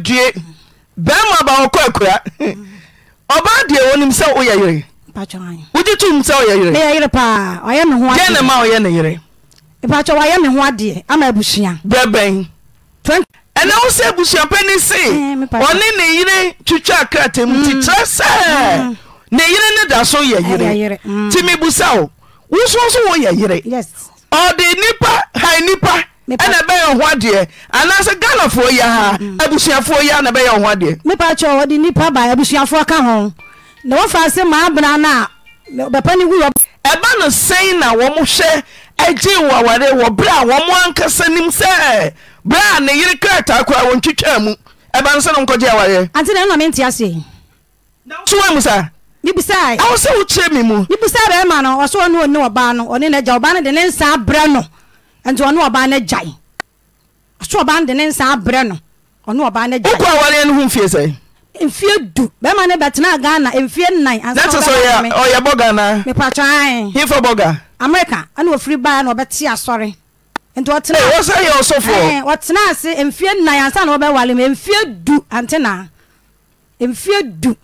due bɛrima baakɔ akura ɔbaa deɛ wɔnim sɛ woyɛ yere wogye tom sɛ woyɛ yereɛ ne ma ɔyɛ ne yere brɛbɛn ɛnɛ wo sɛ abusua pani se eh, ɔne ne yere twitwaa kratamu ti mm. kyerɛ sɛ mm. ne yere ne da so yɛ yere mm. nti mebusa wo wo so so woyɛ yere ɔde nnipa hae nnipa ɛna ɛbɛyɛ ho adeɛ anaasɛ ghanafoɔ yi ha abusuafoɔ yi ana ɛbɛyɛ ho adeɛ mepa kyɛ wɔde nnipa ba abusuafoɔ ka ho na wɔfa sɛ maabena no a bɛpa ne wu ɛba no sɛn na wɔ mo hwɛ agyee wɔ aware wɔ berɛ a wɔ mo ankasa nim sɛ berɛ a ne yere krataa koraa wɔntwitwaa mu ɛba no sɛ no nkɔgye awareɛ ante na ɛna mente ase so mu saa mebisae ɛwɔ sɛ wokyerɛ me mu mebisae bɛɛma no ɔsɛ ɔne ɔne ɔbaa no ɔne n'agya ɔbaa no de ne nsa abrɛ no nti ɔne ɔbaa no gyae ɔso ɔbaa no de ne nsa abrɛ no ɔne ɔbaa no gyae. wokɔ awareɛ no ho mfie sɛ. mfie du bɛrima no bɛtena ghana mfie nnan. nɛte sɛ ɔyɛ ɔyɛ bɔga na. mipatwa anyi. hinfo bɔga. amerika ɛna ofiri baa na ɔbɛte asɔre nti ɔtena. ee wɔsɛ yɛ ɔsɔfoɔ. ɛɛ ɔtena ase mfie nnan ansa na ɔbɛwale mu mfie du antena mfie du.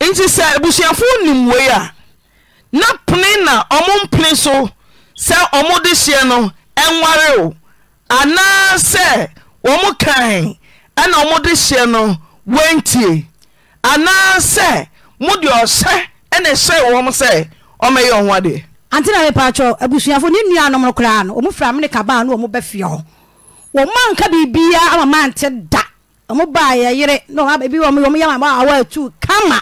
nti sɛ abusuafo nim a na pene na ɔmo mpene so sɛ ɔmode hyeɛ no ɛnware o anaasɛ wɔ mo kan ɛna ɔmode hyeɛ no woantie anaasɛ mode ɔhyɛ ne hyɛe wɔ m sɛ ɔmɛyɛ ɔ ho adeɛ ante na mepaakyɛ abusuafo ne nnuanom no koraa no ɔmu fra mene kabaa no ɔmu bɛfie hɔ wɔma nka biribiaa ama mante da ɔmo baa yɛyere na ɔmo yɛ ma awa atu kama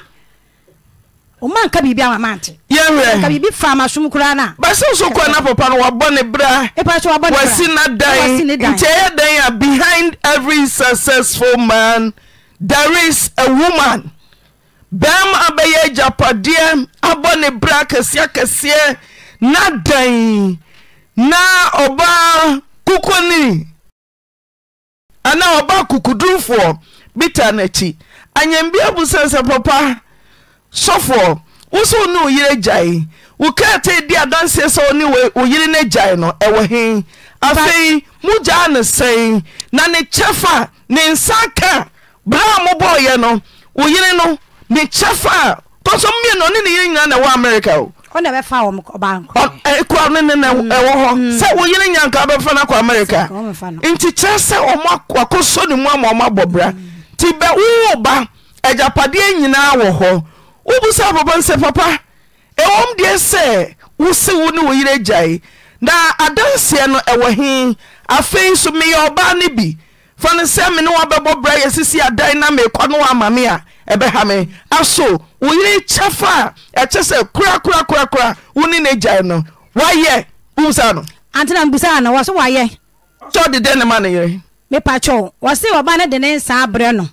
maka bibfaobɛsoso ko no papa no wbɔne berawsi e na dan nti yɛ dan a behind every successful man terees awoman bɛm abɛyɛ ayapadeɛ abɔne bera kɛsiɛkɛsiɛ na dann na ɔba kokoni ana ɔba kokodurufoɔ bi ta no akyi ayambiabu sɛn sɛ papa sɔfoɔ wo ne wo gyae wo kaa di adanseɛ sɛ ne gyae no ɛwɔ he afei mogyaa na ne kyɛfa ne nsa ka a mobɔɔyɛ no no ne a tɔso ɔne na ɛwɔ amerika o kora ne na mm. ɛwɔ hɔ mm. sɛ wo yere nya no akɔ amerika nti kyerɛ sɛ ɔmwakɔsɔ ne mu ama ɔmabɔ bra nti bɛ ba agyapadeɛ nyinaa wɔ wobusa abɔbɔ n sɛ papa ɛwɔm deɛ sɛ wo se wo ne wo yerɛ gyae na adanseɛ no ɛwɔ he afei nso meyɛ ɔbaa no bi fa no sɛ me ne woabɛbɔ bra yɛ sisi adan na meekwa no waama me a ɛbɛha me aso wo yere kyɛ fa a ɛkyɛ sɛ korakorakorakora wo ne ne gyae no woayɛ wobusa no kyɛ de dɛn ne ma ne yere mepa kyɛw wɔse ɔba no de ne nsaa berɛ no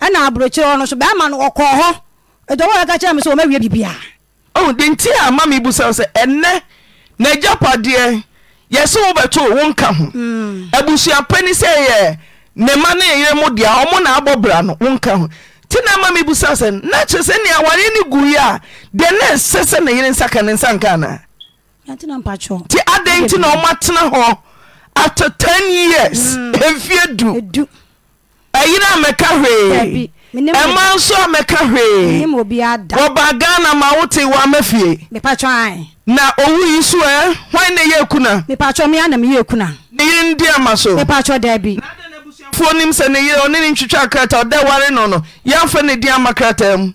ɛna aborɔkyerɛ hɔ no so bɛima no ɔkɔɔ hɔ ɛdɔwɔ yɛ ka kyerɛ me sɛ wɔmawie biribia oh de nti a ma me busa sɛ ɛnɛ na agyapadeɛ yɛ sɛ wobɛto wo nka ho abusuapani sɛ yɛ ne ma ne yɛyerɛ mu deɛ a ɔmo na abɔ bra no wo nka ho nti na ma me busa sɛ na kyerɛ sɛ nea aware ne gu yi deɛ na ɛsɛ sɛ ne yere nsaka ne nsa nka anaa nti adɛn nti na ɔmo atena hɔ after ten years ɛmfie du ɛyere a hwee ɛma nso a mɛka hweewɔba ghana ma wote wɔ ama fie na owu yi so ɛ hwan ne yɛ kuna ne yere ndi ama so fuo nim sɛ ne yere ɔne ne ntwitwa krata ɔdɛ ware no no yɛmfa ne di ama krata mu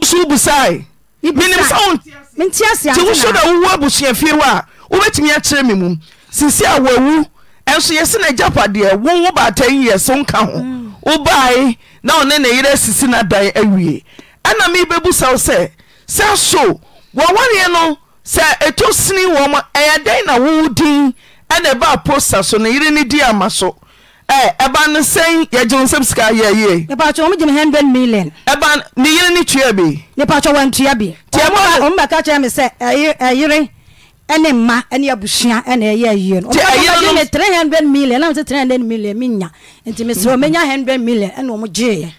woso wobusae menim sɛ wonti na da wowu abusua fie hɔ a wobɛtumi akyerɛ me mu sisi a wawu ɛnso yɛsɛ japa agyapadeɛ wo wo baata yi yɛ so nka ho mm. wobae na wɔne ne yerɛ asisi no adan awie ɛna mebɛbusa wo sɛ sɛ so wɔwareɛ no sɛ ɛtosini wɔ ma ɛyɛ dɛn na wɔɔ din ɛnɛ ba posta so ne yere ne di ama so ɛba no sɛn yɛgyere nsɛm sika yɛyie m ne yere ne tua bipwa bkasɛ yere ɛne ma ne abusua neɛyɛ yio00 m00 100 mi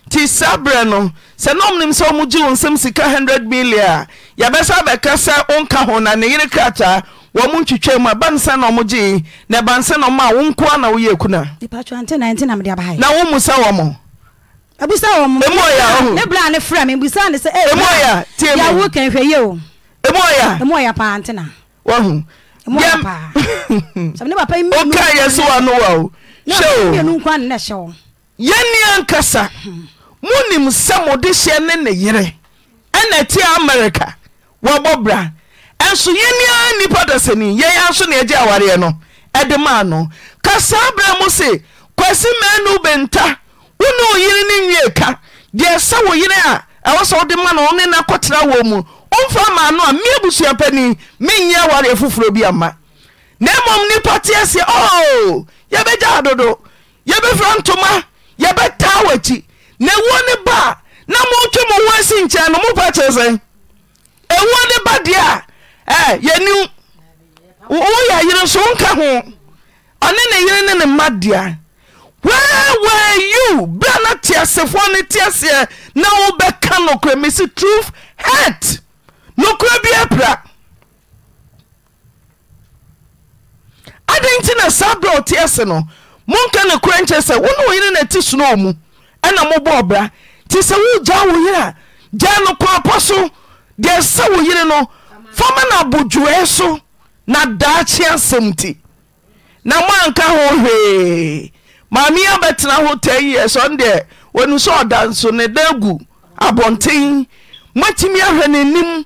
nti sa berɛ no sɛ ne mnom sɛ omugye wo nsɛm sika 00 mili a yɛbɛ sɛ bɛkɛ sɛ wonka ho na ne yere krataa wɔ mo ntwitwɛɛ mu a ba nsa ne ɔmogyee ne ɛbansɛ noma a wo nkoana woyɛ kunana wo mu sa wɔ m wohu woka yɛ so wa o wa o hyɛo yɛnnia nkasa monim sɛ mode hyɛ ne ne yere ɛna ɛti amerika wɔbɔ bra ɛnso yɛnnia nnipa da sani yɛyɛ nso ne ɛgye awareɛ no ɛde maa no kasaa berɛ mo se kwase maanu bɛnta wo ne oyere ne nwie ka deɛ ɛsɛ wo yere a ɛwɔ sɛ wode ma no wo ne na kɔtera wɔ mu ɔmfa maa no a me abusua pani menyɛ wareɛ foforɔ bi amma na mmom nnipa teɛ seɛ o oh, yɛbɛgya adodo yɛbɛfira ntoma yɛbɛtaa wakyi na ɛwuo ne ba a na motwe mo ho asi nkyɛn no mopa kyerɛ sɛn ɛwuo ne ba deɛ a yɛni woyɛ yere so wonka ho ɔne ne yere ne ne mma dea were you berɛ na teasefoɔ no teaseɛ na wobɛka nokorɛ mesi truth hat nokura bi pra adɛn nti na saa berɛ ɔte ase no monka no kora nkyɛ sɛ wo ne wo yere na ɛte sonoo mu ɛna mobɔɔ bra nti sɛ wogyaa wo yere a gyaa no koapɔ so deɛ sɛ wo yere no fama na abodwoeɛ so na daakye asɛm nti na moanka ho hwee maamea bɛtena ho ta yiɛ sɛne deɛ wanu sɛ ɔda nso ne da agu abɔnten moatumi ahwɛ ne nim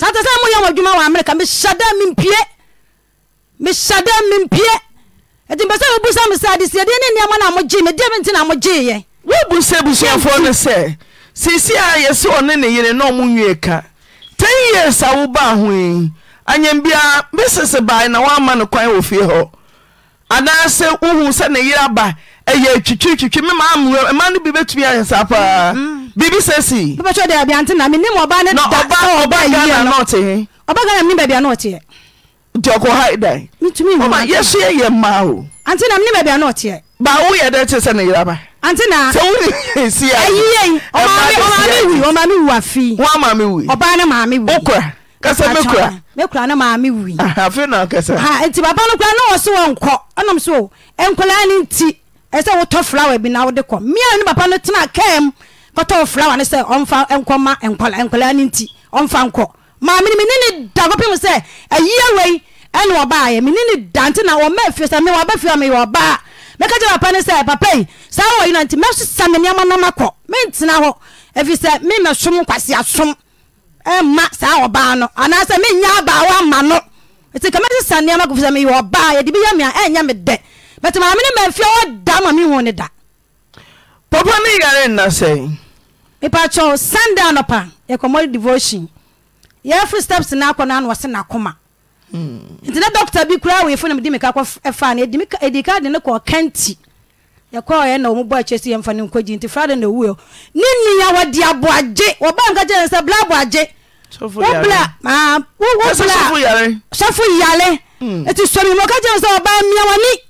s sɛmyɛ adwuma wka aa mp aɛ sɛ w sa msadesne wɔbu sɛ busɛfoɔ no sɛ sesie a yɛsɛ ɔne ne yere na ɔmo nwiɛ ka taye sa wobaahoi ayambiaa bɛsese bae na wɔama no kwan wɔ fie hɔ anaasɛ wohu sɛne yera ba ɛyɛ twitwitwitwi me maa mu ɛma no bi bɛtumi ayɛ saa paa mm-hmm. biribi sɛ si. bàbá tí o de ẹbi àǹtí na mi ní mu ọba ne da ọba ọba yìí yẹn no ọba Ghana mi ní bẹẹbi àná ọtí yẹ. nti ọkọ ha dan ọba yẹsu yẹ yẹ mmaa o. àǹtí na mi ní bẹẹbi àná ọtí yẹ. báwo yẹ dẹ ti ne yẹra ba. àǹtí na sẹ wúni èsì yà. ẹyí yẹn ọmọ mi wù ọmọ mi wù àfi. wọn àmà mi wù. ọba ne màá mi wù. okra kasa mi kura. mi kura ne màá mi wù. àfi na kasa. nti bàbá mi kura ne wọ so wọn nkọ ẹnam so nkọlá ni ti. sɛ woto fraa bina ode ko mino bapa no bena ka kate faane sɛ a koma meo kasa so ma aɛ meyaama yɛmedɛ but maame ne mafie wɔda ma mehu ne da papa ne yare nna sɛe mepakyɛw sunday anɔpa yɛkɔmmɔ devotion yɛfo steps no akɔ no ano wɔse nakoma hmm. nti na dɔkta bi koraa wɔyɛfo nam di meka kɔ fa no ɛdi ka de ne kɔ kanti yɛkɔɔ yɛ na ɔmu bɔ akyɛ si yɛmfa no nkɔgyi nti frada na ɛwuo ne nnua wɔde aboagye wɔba nka kyerɛ ne sɛ bla aboagye wobla sɔfo yare ɛti hmm. sɔmimɔ ka kyerɛ ne sɛ ɔbaa mmia w'ani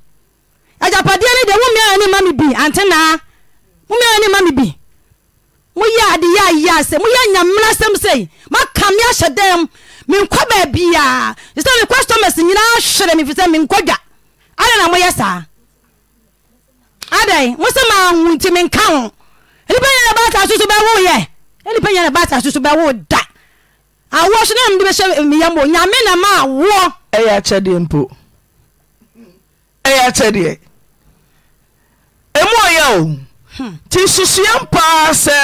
ajapadia ne de womianema mebi antina ominima mebi moye deyayes moye yamea semse ka msedem meko bbime o y ey ed mpo y ced emu ɔyɛ o nti hmm. nsusua mpa sɛ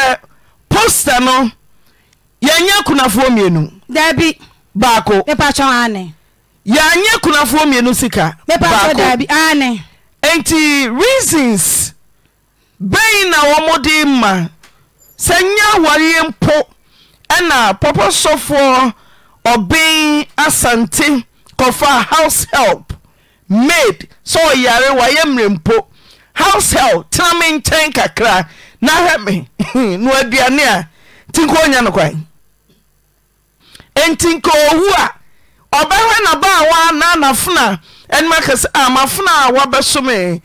posta no yɛanyɛ akunafoɔ mmienu daabi baako yɛanyɛ akunafoɔ mmienu sika enti reasons bɛi na wɔmode ma sɛ nyɛ awareɛ mpo ɛna pɔpɔ sɔfoɔ ɔben asante kɔfa house help maid sɛ ɔyare wayɛ mmerɛ mpo househel tena me nkyɛn kakra na hɛ me no aduane a nti nka onya no kwan enti nka owu a ɔbɛhwɛ nabaa waanaanafona anim akɛ sɛ amafona a woabɛsome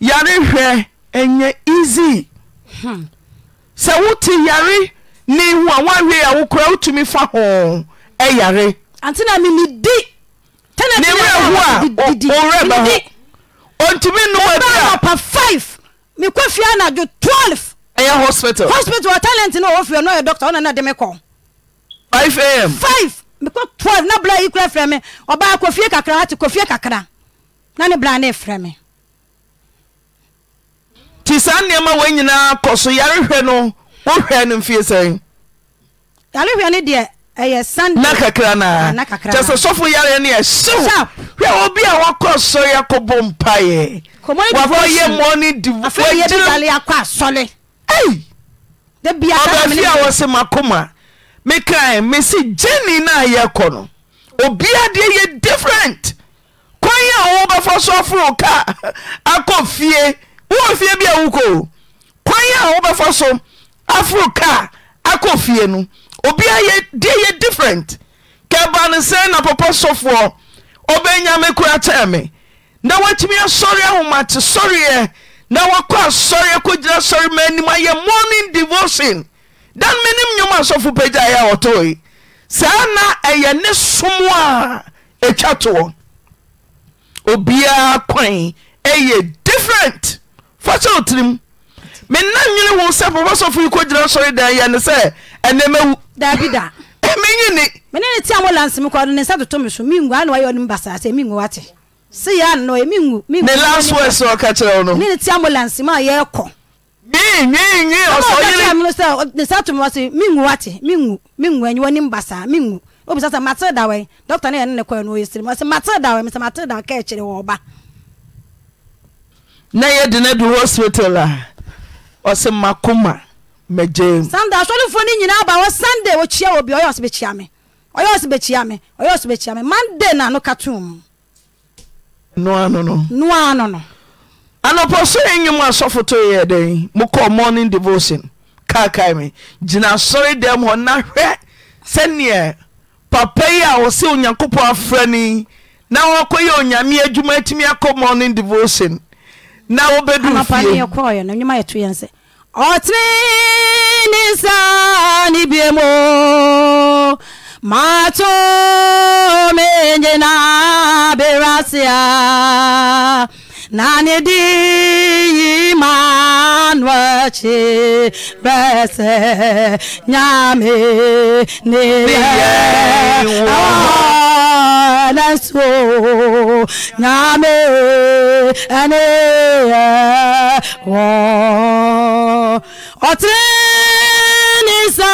yare hwɛ ɛnyɛ easy hmm. sɛ wote yare ne hu a woawie a wo kora wotumi fa hoo ɛyare newrɛ hu a owrɛ bɛ ho ntmi nɔpa 5 meko fie anadwo 2 ahospitalhospital talent ne ɔwɔ fii nyɛ dota nandem k5am5 2 naba ykra frɛ me ɔba kofie kakrat ofie kakra nane banefrɛ me nti saa nneɛma wa nyinaa kɔso yarehwɛ no wohɛn mfie s na kakra noatɛsɛ ah, sɔfo yare no ɛsɛ hwɛ wo bi a wɔkɔ sɔre akɔbɔ mpaɛwɔyɛ mne abaafi a wɔse makoma meka mesi gyeni naayɛ kɔ no obiadeɛ yɛ different kwan a ɔwɔbɛfɔ so aforoka akɔ fie woɔ fie bia wok kwan a wobɛf so aforo ka akɔ fie no obiaa deɛ yɛ different kɛba no sɛ na pɔpɔ sɔfoɔ ɔbɛnyame kora kyɛɛ me na woatumi asɔre ahomate sɔreɛ na woakɔ asɔreɛ kɔgyina sɔre maanim ayɛ morning devotion dan menim nnwom asɔfo pagya eɛ a yi saa na ɛyɛ ne somo a ɛtwa toɔ obiara kwan ɛyɛ different fa sɛ otirim mena nwene wo sɛ pɔbɔsɔfo yi kɔgyina sɔre dan yɛ eh, ne sɛ ɛnɛ mawu daabi da menyini mene ne tia mɔla nsem kɔdo ne nsa toto me so mengu ana wayɛ ɔnem basaa sɛ mengu wate se yɛ ano ɛ mengu ne last word sɛ ɔka kyerɛ wo no mene ne tia mɔla nsem a yɛkɔ menwenwe ɔsɔyere sɛ ne nsa to me wa sɛ mengu wate mengu mengu anyi wɔnem basaa mengu obisa sɛ matere da wɛ ne yɛne ne kɔɛ no ɔyɛ sere mu ɔsɛ matere da wɛ mesɛ matere da kɛ wɔ ɔba na yɛde ne du hospital a ɔsɛ mako ma magyam noa o no anɔpɔ sɔre nnwom asɔfo to ɛyɛ dɛn mokɔɔ morning divotion kakae me gyina sɔredɛm hɔ na hwɛ sɛnneɛ papa yi a wɔsɛ onyankopɔn afra no na wɔkɔ yɛ onyame adwuma atumi akɔ morning divotion na wobɛdu fie na nnwuma yɛto yɛn sɛ ɔtene ne nsa ne bie mu mato menyena berasea na ne di yi ma no akyi bɛsɛ nyame ne yɛ Alaso Name Ane Wa Otre Nisa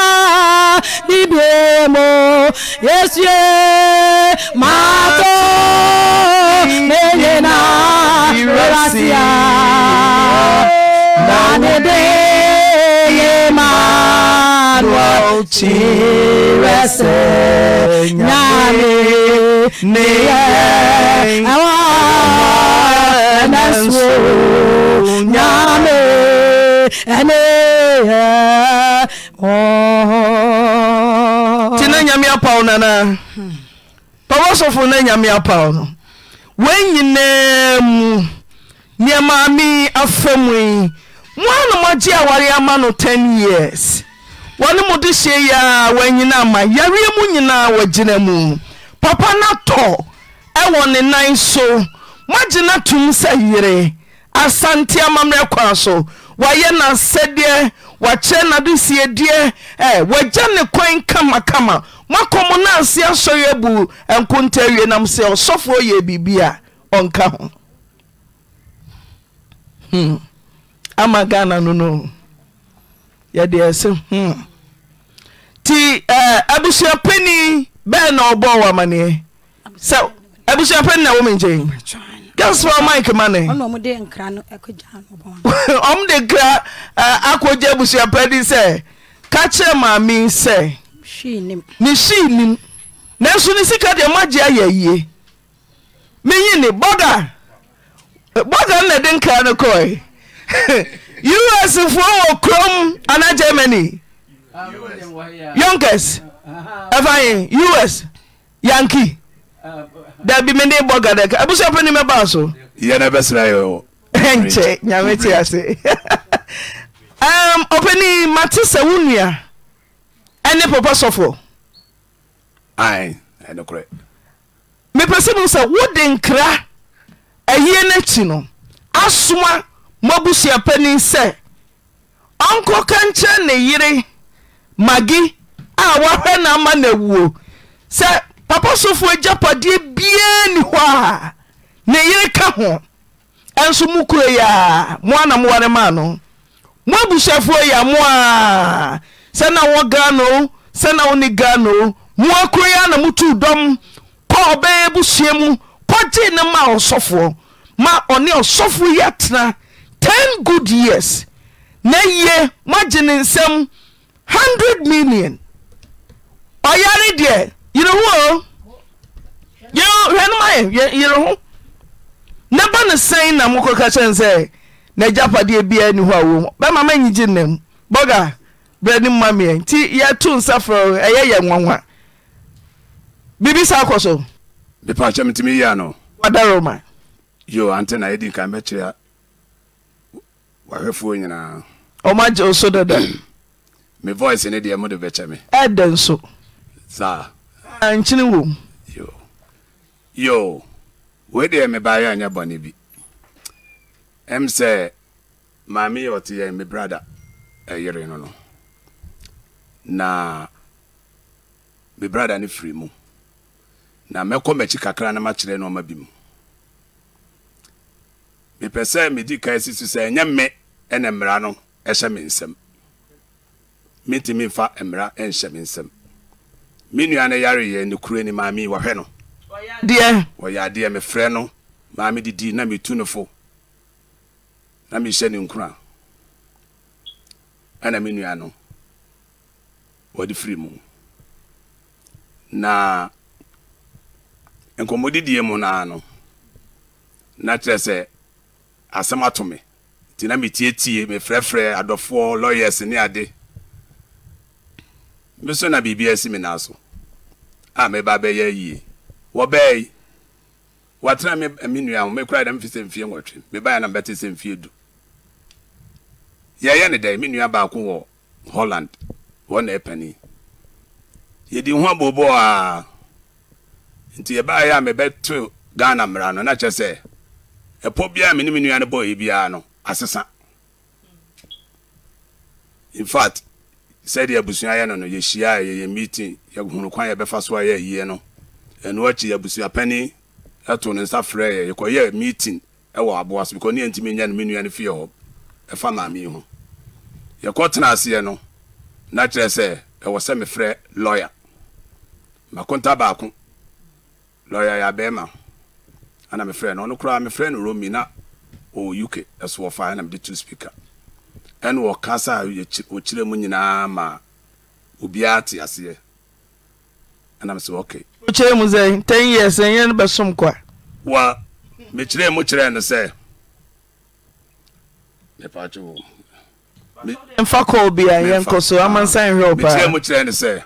Nibemo Yesye Mato Menena Irasia Nane Nane tena nyame apau nana bawa sofo ne nyame apau no wei nyina mu meamaame afa mui moanamagye a ware ama no 10 years wɔne mode hyee yɛa wɔanyina ama yareɛ mu nyinaa gyina mu papa no tɔ ɛwɔ ne nan so moagyena tom sɛ yere asante amammerɛ kɔa so wayɛ nasɛdeɛ wakyerɛ nado siedeɛ wɔagya ne kwan kamakama moakɔ mo no ase asɔre abu nkonta awie nam sɛ ɔsɔfoɔ yɛ biribi a ɔnka ho hmm. ama ghana no no yɛdeɛ ɛse h hmm. nti eh, abusuapɛni bɛɛ na ɔbɔɔ wɔ amanneɛ sɛ na womenkyɛi gaspa mike mane ɔm de nkra eh, akɔgya abusuapɛni sɛ ka maame sɛ ne hyii nim nanso ne sika deɛ moagye ayɛ yie menyine bɔda eh, bɔda na de nkra no us fuɔ wɔ kurom ana germany yonkes ɛfai us yanki dabi mede bɔ gadɛ ɛbisoɛwopani ɛba soknyaas ɔpani mate sɛ wo nua ɛne papa sɔfɔ mepɛ sɛ mo sɛ wode nkra ayiɛ no akyi no asoma moabusua pani sɛ ɔnkɔ ka nkyerɛ ne yere magi a wɔahwɛ na ama na awuo sɛ papa sofoɔ agyapadeɛ biara nni hɔ a ne yere ka ho ɛnso mo kuro yi a mo anamoware maa no mo abusuafoɔ yi a mo a sɛ na wɔ ghanoo sɛ na wone ghanoo moa kuro yi a na motuu dɔm kɔ ɔbɛyɛ busua mu kɔgyee ne maa ɔsɔfoɔ ma ɔne ɔsɔfoɔ yi atena Ten good years na ye moagye ne nsɛm 100 million ɔyare deɛ yere ho o hwɛ no mayɛ yere ho na ba ne sɛn na mokɔka kyɛne sɛ naagyapadeɛ biaa ni hɔ a wɔ bɛma manyigye nnam bɔga berɛne mma meɛ nti yɛto nsa frɛ ɛyɛ yɛ nwanwa biribi saa kɔ so mepa kyɛ metumi yia no wadaroma yo ante na yɛdi nkan mɛkyerɛ wahwɛfoɔ nyinaa ɔma gye wo dada me voice ne deɛ mode bɛkyɛ me ɛdɛ nso saa ankyene wom yo yo wei deɛ mebaeɛ anyɛ bɔne bi ɛm sɛ maame yɛ ɔte yɛn me brada ɛyere no no na mi brada ni firi mu na mɛkɔ m'akyi kakra na makyerɛ no ɔma bi mu mepɛ sɛ medi kan si so sɛ ɛnyɛ me ɛna mmara no ɛhyɛ me nsɛm mentumi mfa mmara ɛnhyɛ me nsɛm me nua no yareyɛ ne kuro ne maame yi no deɛ wɔyɛ adeɛ mefrɛ no maame didi na metu no fo na mehyɛ ne nkura ɛna me nua no wɔde firi mu na nkɔmmɔdidie mu naa no na kyerɛ sɛ asɛm ato me nti na metietie mefrɛfrɛ adɔfoɔ lawyers ne ade me so na biribi asi me naa so a meba bɛyɛ yie wɔbɛɛ watena me me nua ho mekura dɛm fi sɛ mfie nwɔtwe mebaeɛ na mbɛte sɛ mfie du yɛyɛ ne dɛn me nua baako wɔ holland wɔ na ɛpani yɛdi ho abobɔ a nti yɛbaeɛ a mebɛto ghana mmara no na kyɛ sɛ ɛpɔ biara me ne me nua no bɔɔyɛ biara no asesa in fact sɛdeɛ abusua yɛ no no yɛhyia yɛyɛ meeting yɛhunu kwan yɛbɛfa so a yɛ yie no ɛno akyi abusua pani ɛto ne nsa frɛ yɛ yɛkɔyɛ meeting ɛwɔ aboa so because ne yɛntumi nya no me nua no fie hɔ ɛfa maame yi ho yɛkɔ tena aseɛ no na kyerɛ sɛ ɛwɔ sɛ mefrɛ lawyer makonta baako lawyer yɛ abɛɛma ana mefrɛ no ɔno koraa mefrɛ no romi na ɔwɔ uk ɛso wɔfa ɛna mede to speaker ɛne wɔka sa ɔkyerɛ mu nyinaa ma obiara te aseɛ ɛna mesɛ ok mu sɛ 10 years ɛnyɛ no bɛsom kwa wa mekyerɛɛ mu kyerɛɛ no sɛ mfa kɔɔ bia yɛnkɔ so amansan hwɛ wo paamekyerɛɛ mu kyerɛɛ no sɛ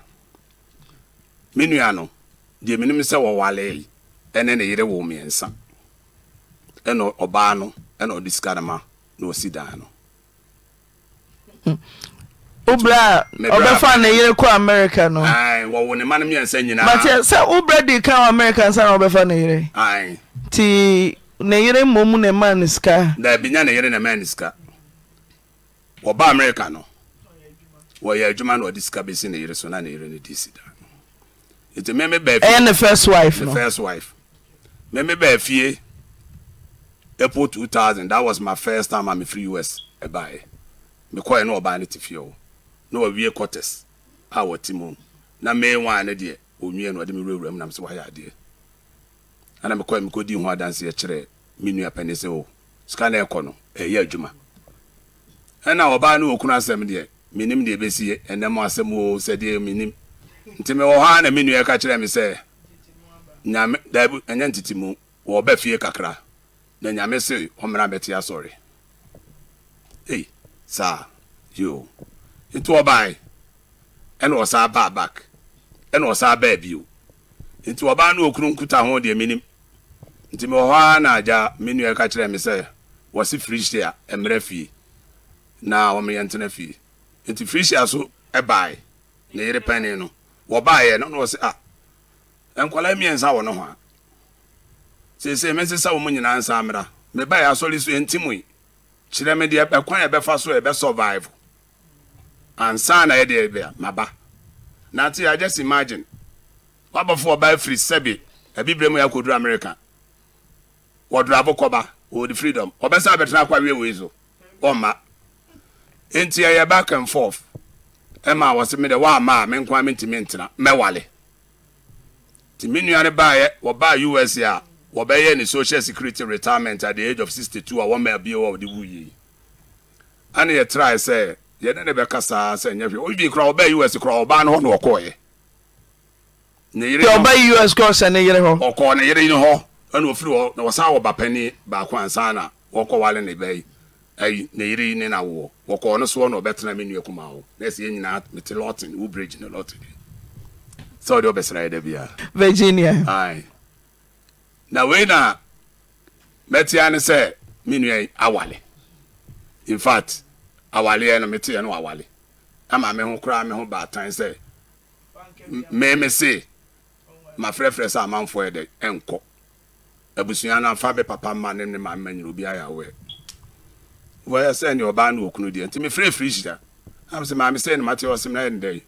me nua no deɛ menim sɛ wɔwaleeyi ɛne ne yere wɔ mmiɛnsa ɛna ɔbaa no ɛna ɔde sika no ma na ɔsi dan no hmm. wobra a ɔbɛfa ne yere kɔ amerika no wɔwo ne ma no mmiɛnsa nyinaa but sɛ wobra di ka wɔ amerika nsa na wɔbɛfa ne yere nti ne yere mmom ne ma ne sika daabi nya ne yere ne ma ne sika wɔba amerika no wɔyɛ adwuma na ɔde sika bɛsi ne yere so na ne yere no di si da nti meme baafi ɛyɛ ne first wife no first wife me me bɛɛ fie april two thousand that was my first time i'm free us me, mekɔɛ na ɔbaa no te fie o na wawie quarters a wɔte mu na mee wan no deɛ onwie no ɔde me wurawura mu nam sɛ wayɛ adeɛ ana mekɔɛ mekɔdi ho adanseɛ kyerɛ me nua pɛne sɛ o sika na ɛkɔ no ɛyɛ adwuma ɛna ɔbaa no wɔkunu asɛm deɛ menim deɛ ɛbɛsi ɛnɛm asɛm o sɛdeɛ menim nti mewɔ hɔ a na me nua ka kyerɛ me sɛ nyame daabi ɛnyɛ ntete mu wɔ ɔbɛ fie kakra na nyame se ɔmena bɛte asɔre ei saa yo nti ɔbae ɛna ɔsan baa back ɛna ɔsan baa bio nti ɔbaa no okunu nkuta ho deɛ menim nti mewɔ hɔ na agya me nua ka kyerɛ me sɛ wɔsi firihyi a fie na wɔn yɛ ntena fie nti firihyi so ɛbae na yere pɛnne no wɔbaeɛ nkwadaa mmiɛnsa wɔ ne ho a seesei mesesa wɔn nyinaa nsa mmra meba yɛ asɔre so nti mu yi kyerɛ me deɛ ɛkwan a ɛbɛfa so ɛbɛ survive ansa na yɛ deɛ bia maba na ate yɛ just imagine wabɔfo ɔbaa firi sɛbi abibire mu yɛ akɔduru america wɔduru abokɔba wɔdi freedom ɔbɛsa abɛtena akɔ awie wei so ɔmma nti ɛyɛ back and forth ɛma wɔsi mi dɛ wɔama a me nkwa mi ntumi ntena mɛwale nti me nua no baeɛ wɔbaa us a wɔbɛyɛ ne social security retirement at the age of 62 a wɔma abie wɔ wɔde wuyi ane yɛtrae sɛ yɛne ne bɛka saa sɛ nyɛ hwɛ wodwi kora wɔbɛɛ us kora ɔbaa no hɔ na wɔkɔɔɛ ne yere ɔbɛɛ us kora sɛ ne yere hɔ ɔkɔɔ ne yere yi hɔ ɛna wɔfiri hɔ na wɔsan wɔ bapani baako ansa na wɔkɔ wale ne bɛyi ayi ne yere yi ne na wɔ wɔkɔɔ no soɔ na ɔbɛtena me nua kuma hɔ na ɛsɛ yɛ nyinaa mete lɔten wo bridge ne lɔten sɛ wode wobɛsra da bia virginia Aye. na wei na mɛtea ne sɛ me nua awale in fact awaleɛ no meteɛ no awale ama me ho koraa me ho baatan sɛ meme se mafrɛfrɛ sɛ amanfoɔ yɛ dɛ ɛnkɔ abusua no afa me papa ma ne ne ma ma nyina obi ayɛ awɛ wɔyɛ sɛ ne ɔbaa no wɔkunu deɛ nti mefrɛfiri hyira am sɛ maame sɛ ne mateɛ ɔsɛm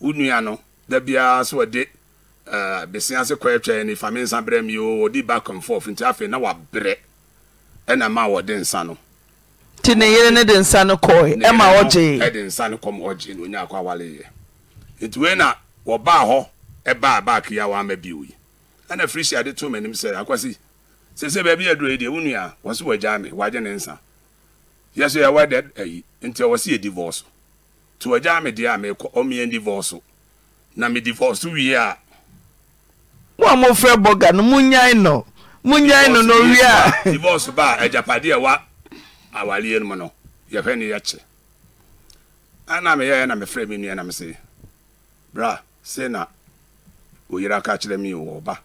wo nua no da biara sɛ wɔde uh, eh, besia se kɔ atwa ne fame nsa brɛ mi o wɔde back and forth nti afei na wabrɛ ɛna ma wɔde nsa no nti ne yere ne de nsa no kɔe ɛma ɔgye ɛde nsa no kɔm ɔgye na onya akɔ awaleyɛ nti wei na wɔbaa hɔ ɛbaa back yi a wɔama bio yi ɛna frisia de to m'anim sɛ akwasi sese baabi aduro yi deɛ wo nua wɔso wɔagyaa me wɔagye ne nsa yɛ so ayi nti ɔwɔ yɛ divorce to wɔagyaa me deɛ a mekɔ ɔmeɛ divorce na mi divorce wie a mo a mo fẹ bọga no mo nyan no mo nyan no no wie a divorce ba agyapade ɛwa awaleɛ no mu no yɛhwɛ ne yɛkye ana meyɛɛ na mefrɛ me nua na mese bra se na oyera ka kyerɛ me wɔ ba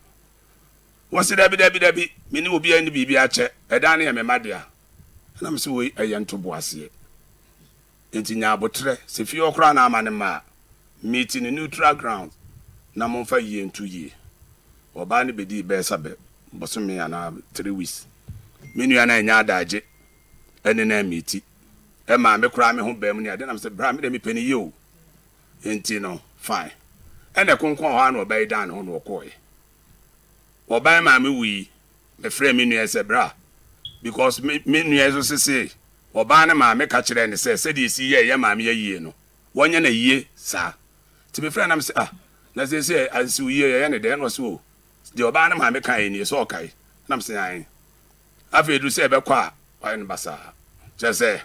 wɔse dabi dabi dabi mene obiaa ne biribi akyɛ ɛda ne yɛ me ma dea ɛnam sɛ wei ɛyɛ ntoboaseɛ enti nya abotrɛ sɛ fie ɔkoraa na ama ne maa meeting the neutral ground na momfa yie nto yie ɔbaa no bɛdii bɛɛ sa bɛ bɔsome anaa three weeks me nua no ɛnya adagye ɛne no me koraa me ho bɛn mu ne ade nam sɛ bra me mepɛ no yie o no fine ɛna konkɔn hɔ a na ɔbaa dan ne ho na ɔbaa maame wuyi mefrɛ me nua sɛ because me nua nso ɔbaa maame ka kyerɛ ne sɛ sɛdeɛ maame yɛ yie no na yie saa nti me frɛ nam sɛ ah na sɛ sɛ ansi wo yie yɛyɛ ne dɛn na ɔsɛ o deɛ ɔbaa no maame kae nie sɛ ɔkae nam sɛ ae afei duru sɛ ɛbɛkɔ a wayɛ no basaa kyerɛ sɛ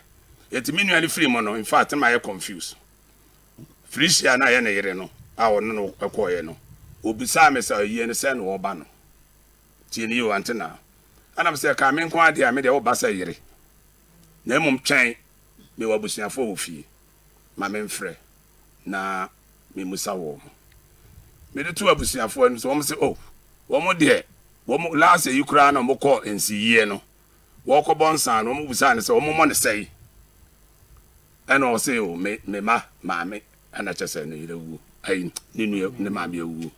yɛti me nua no firi mu no infact ma yɛ confuse firihyia no a yɛ ne yere no a ɔno no ɛkɔɔyɛ no obisaa me sɛ ɔyie no sɛ ne wɔba no tie ne yiwa nte na anam sɛ ka me nko adeɛ a me deɛ woba sɛ yere na mmom twɛn mewɔ abusuafoɔ wɔ fie ma memfrɛ na memusa wɔn mo mede to abusuafoɔ no so wɔn sɛ oh, wɔn deɛ wɔn laasa yi koraa na wɔn kɔ nsiyie no wɔkɔ bɔ nsan no wɔn busa ne sɛ wɔn mɔ ne sɛyi ɛna ɔsɛ o oh, me me ma maame ɛna kyɛ sɛ ne yere wu ayi ne nua ne maame ewu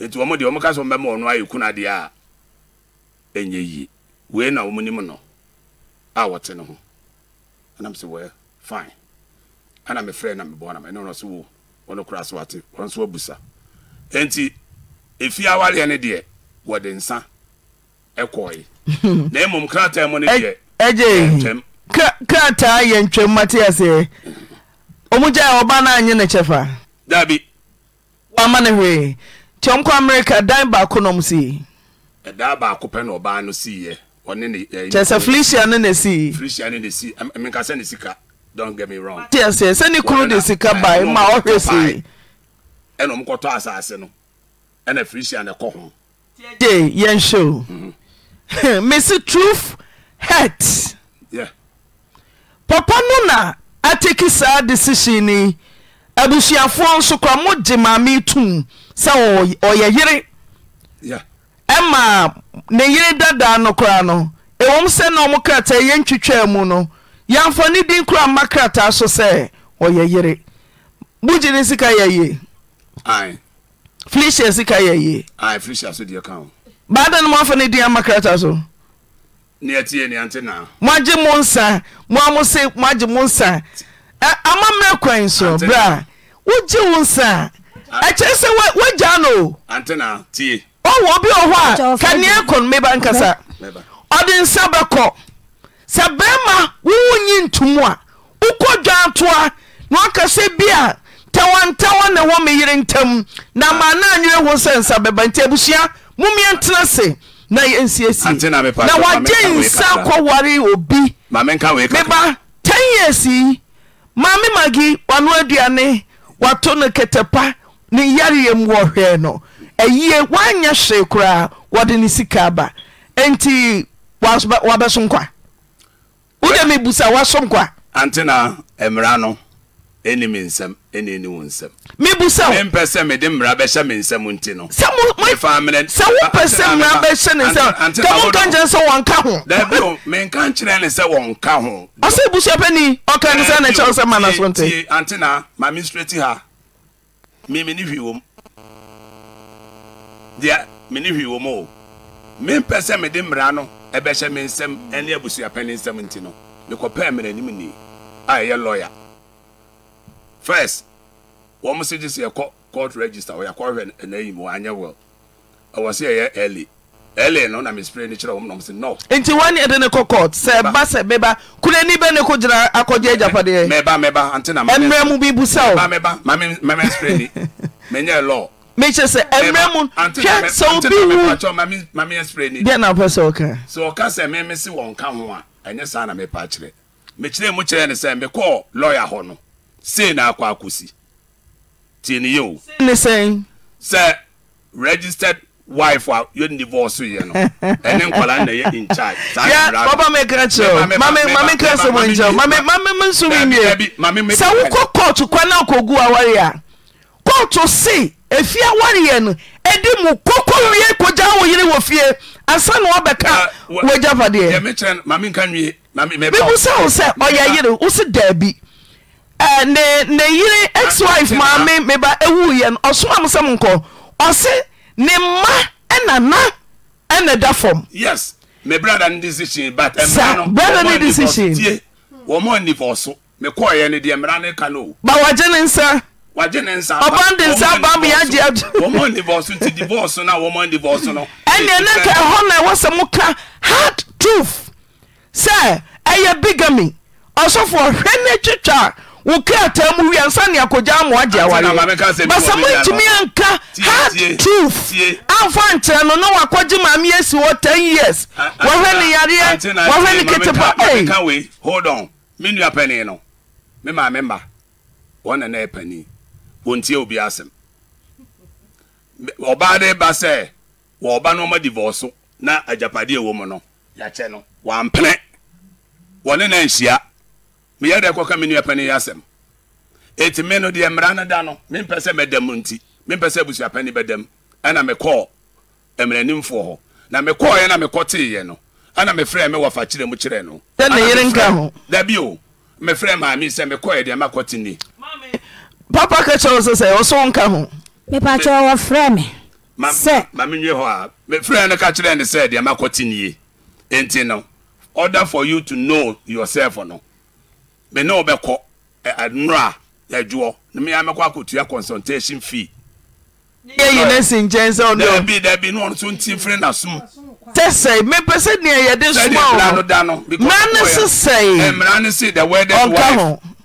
nti wɔn deɛ wɔn ka sɛ wɔn bɛma wɔn ayɛ kuna deɛ a ɛnyɛ yie wei na wɔn nim no a wɔte ne ho ɛnam sɛ wɔyɛ fine ɛna mefrɛ na mebɔ na ma ɛna ɔno sɛ wo. Oh, wɔn kura so ate wɔn nso abusa nti efi awareɛ ne deɛ wɔde nsa ɛkɔɔye na emom krataa mu ne deɛ ɛntwɛm krataa yɛ ntwɛm mate aseɛ ɔmo gya a ɔba no anyɛ ne kyɛfa dabi wama ne hwee kyɛm kɔ amerika dan baako nom si ɛdaa baako pɛ na ɔbaa no siiɛ ɔne ne kyɛ sɛ felicia ne ne sii felicia ne ne sii mekasɛ ne sika don't get me wrong. tí ẹ sẹ sẹni kúrò de sika báyìí ma ọ hwẹ sí. ẹnna ọmọ kọtọ asase no ẹnna firisian ẹkọ ho. jẹ yẹn ṣe o mesi mm-hmm. truth hurt. Yeah. papa no na ateki saa decision ni abusuafoɔ nso kora mo gye maame tum sɛ ɔyɛ yere. Yeah. ɛma ne yere dadaa no kora no ewom sɛ na ɔmo krataa yɛn twitwaa mu no yɛamfɔne din kora mma krataa so sɛ ɔyɛ yere bogye ne sika yɛ yie flicia sika yɛ yie baada no moamfa ne din e, ama krataa so moagye mo e, nsa moa mo se moagye mo nsa ama mmerɛ kwan so berɛ a wogye wo nsa a ɛkyerɛ sɛ woagyaa no o ɔwɔ obi wɔ hɔ a kanea kɔ no meba nkasa ɔde nsa bɛkɔ sɛ bɛrima wowɔ nyi ntom a wokɔ dwa toa na wakasɛ bia tawantawana wɔ meyere ntam na maana nwerɛho sɛnsa bɛba nti abusua moma tena se na sna wgye nsa kɔware obieɛysii ma memaggi noa ane wato no kɛpanme e wode mebusa woasom kwa Antena na no ɛni mi nsɛm ɛni ɛni wo nsɛm. mi bu sɛw. mi mpɛ sɛ mi de mura bɛ hyɛ mi nsɛm nti no. sɛ mo mo sɛ wo pɛ sɛ mura bɛ hyɛ ne nsɛm kɛ mo nka nkyɛn sɛ wɔn ka ho. dabi o mi nka nkyerɛ ne sɛ ka ho. ɔsɛ ibusua panyin ɔka ne sɛ ne kyɛw sɛ mana so nti. ante na maame nsoro ti ha mimi ni hwi wɔm deɛ mi ni hwi wɔm o mi mpɛ sɛ mi de mura no ɛbɛhyɛ me nsɛm ɛne abusuapɛ ne nsɛm nti no mekɔpɛɛ mmerɛ anim ni, a ɛyɛ lɔya first wɔn mo se gye sɛ yɛkɔ court register wɔ yɛkɔhwɛ n'ayi mu anyɛ well ɛwɔ sɛ yɛyɛ early early no na mespray ne kyerɛ wɔn na wɔn sɛ no. nti wɔn ni ɛde ne kɔ court sɛ ba sɛ bɛba kule ni bɛ ne ko gyina akɔgye agyapadeɛ. mɛba mɛba ante na. ɛmmerɛ mu bi busa o. mɛba mɛba mami mami spray ni mɛ nyɛ law. mekeɛ sɛ mera musɛnsɛkaasɛmese kay m kyerɛ sɛ mek eh snkɔsssɛ nam keɛksɛs sɛ wokɔkɔ o kwa nekguawarea kɔto se ɛfie wareɛ no ɛdi mu kokowie kogya wo yere wɔ fie ansa na wɔbɛka ah, wagya padeɛ mebu sɛ wo sɛ ɔyɛ yere wo se daabi eh, ne ne yere ex-wife ah, ah, maame meba ɛwuiɛ no ɔsoma m sɛ nkɔ ɔse ne mma ɛnana ɛna da fam yes me brother ne decision but eh, sa brother ne decision wɔmɔ nifɔ so mekɔɔyɛ no deɛ mmara ne ka no ba wagye ne nsa ɔbande nsa ba magyeɛneɛ na ka ɛhɔ na ɛwɔ sɛ mo ka hard truth sɛ ɛyɛ bigami ɔsɔfoɔ hwɛ ne atwitwaa wo ka taa mu wia nsane akogyaw mmo agye awrebɛ sɛ montumi anka hard truth amfa nkyerɛ no ne wakɔgye maame yɛsi hɔ 10 years whwɛ ne yareɛwɛ eh. no kete ba wɔntie obi asɛm ɔbaa de ba sɛ wɔ ɔba no ɔma divorce na agyapadeɛ wɔ mu no yɛakyɛ no wampene wɔne na nhyia meyɛ dɛ kɔka me nua panin yɛ asɛm eti me no deɛ mmara no da no mempɛ sɛ mɛdam nti mempɛ sɛ abusua panin bɛdam ɛna mekɔɔ mmaranimfoɔ hɔ na mekɔɔeɛ na mekɔteeɛ no ana mefrɛ me wɔfa kyerɛ mu kyerɛ no sɛ ne yere nka ho mefrɛ maame sɛ mekɔɛ deɛ makɔte ni papa ka kyerɛ wo sɛ sɛ ɔso wo nka ho mepakyɛ wɔfrɛ me sɛ mamenwe hɔ a mefrɛ no ka kyerɛ ne sɛ deɛ makɔte nie enti no order for you to know yourself no me ne wobɛkɔ nnora adwoɔ na meya mɛkɔ akɔtua consultation fee yɛyi ne si nkyɛn sɛ ɔdabi dabi ne ɔno so nti mfiri nasom tɛ sɛ mepɛ sɛ nea yɛde soma wo mmara ne se sɛe mmara ne se the word of life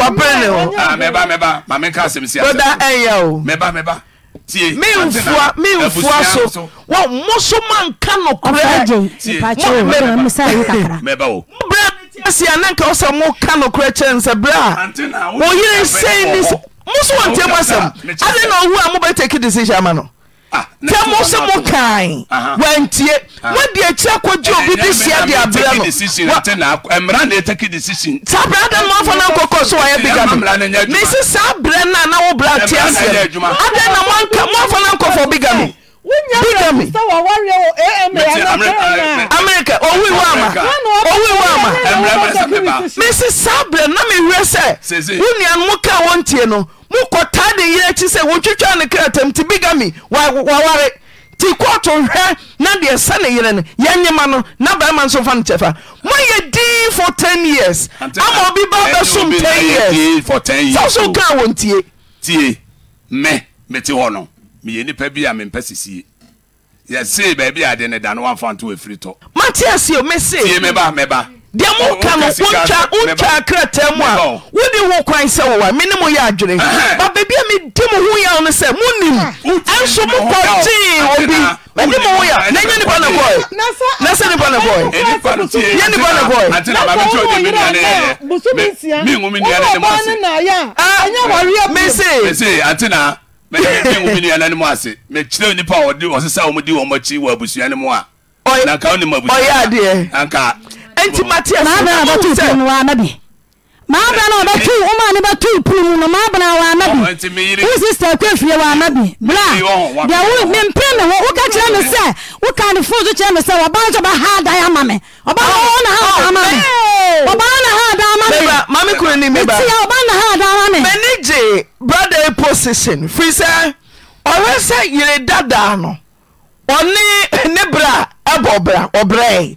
kɔpere ne hɔ. Ah, mɛba mɛba maame ka asɛm si asɛm. broda ɛyɛ o. mɛba mɛba tie. mi nfua mi nfua so wa moso man nka no korɛ. ɔfɔ jɛ mo mɛba mɛba o. brɛ si ananka ɔsɛ mo ka no korɛ kyɛn sɛ brɛ a oyiri sɛn ni moso wɔn tiɛ mo asɛm adi na owu a mo bɛ take decision ama no. Ah, tẹ mo sẹ mo kàn wẹntie mo di ekyir akɔgye obi bi si adi abirɛ no mmeran de take decision. saa abirɛ de mo afɔ n'akɔkɔ so wɔyɛ bi gano mesi saa abirɛ na n'awo bira ti aseɛ adɛ na mo anka mo afɔ n'akɔfɔ bi gano bigami amerika owu iwu ama owu iwu ama mesi saa abirɛ na mi hwɛ sɛ wúni anu mo ká wọn tie no mokɔtaa de yɛ akyi sɛ wotwitwaa no kratam nti bigami waware nti kɔɔto hwɛ na deɛ sɛne yere no yɛnyema no na barima nso fa no kyɛfa moyɛ dii for ten years ama ah, obi ba eh, bɛsom 10 years sɛ so kaa wɔ ntie tie me mete hɔ no meyɛ nnipa bi a mempɛ sisie yɛsee baabi ade ne da no wamfa nto afiri tɔ mate aseɛ mesee tie meba meba deɛ moka no wontwaa krataa mu a wode wo kwan sɛ wowa mene mo yɛ adwene ba baabi a medi mo ho yaw no sɛ monim ɛnso mokɔgyee obi mede mo ho yaw na ɛnyɛ nipa ne bɔe na sɛ nipa ne bɔe yɛ nipa ne bɔe mese mekyerɛ nipa a ɔsesa wɔmdi wɔmɔkyi wɔ abusua no mu a ɔyɛ adeɛ nti matias maabra na ɔbɛtu piri mu wɔ anabi maabra na ɔbɛtu ɔma ne bɛtu piri mu no maabra wɔ anabi wo sista akɔ efie wɔ anabi bra deɛ wo mempere me wɔ woka kyerɛ me sɛ woka ne fon so kyerɛ me sɛ ɔbaa nso bɛha adan ama me ɔbaa ɔwɔ na ha adan ama me oh, oh, ɔbaa na ha adan ama me mami kuro ni mi ba eti a ɔbaa na ha adan ama me. mɛni gye brother position firi sɛ ɔwɛ sɛ yere dadaa no ɔne ne bra ɛbɔ bra ɔbrɛ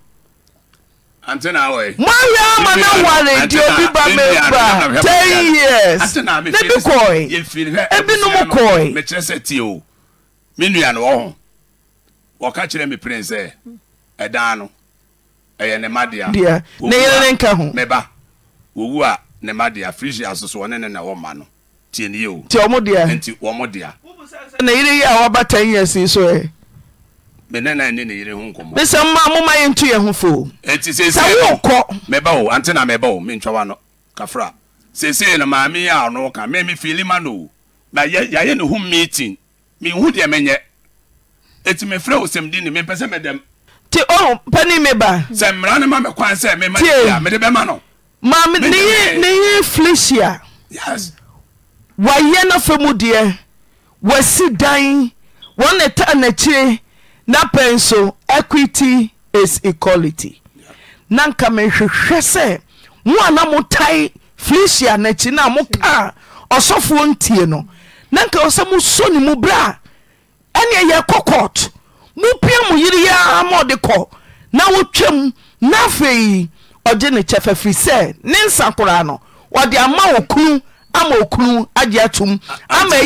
mọ̀nyá ama na wàlẹ̀ di obi ba mẹ́gbà ten years n'ebi kọ̀ọ̀ẹ́ ebinom kọ̀ọ̀ẹ́. mẹkyerẹ sẹ tie o mi nua mi prince sɛ ɛdan no ɛyɛ ne ma ne yɛrɛ ne nka ho. wowu a ne ma dea firisi asoso ɔne ne na wɔn ma no tie ne yie o. tie wɔn dea. nti wɔn dea. na yiri yi a waba ten years yi so yɛ. esɛ moma yɛto a ho fosse ami nka me file man yɛ ne ho meetin mehu deɛ meyɛ tmefrɛ smɛsɛneye flasia wayɛ na fa mu deɛ wa si da wɔna ta nakyi na nso ekwiti equity is equality na nka mehwehwɛ sɛ mo ana motae felicia n'akyi na mokaa ɔsɔfoɔ ntie no na nka wɔ sɛ moso ne mu berɛ a ɛneɛ yɛ kɔ mopia mo yere ma na wotwam na afei ɔgye ne sɛ ne nsa koraa no ɔde ama ama okunu agye atom ama ɔkɔ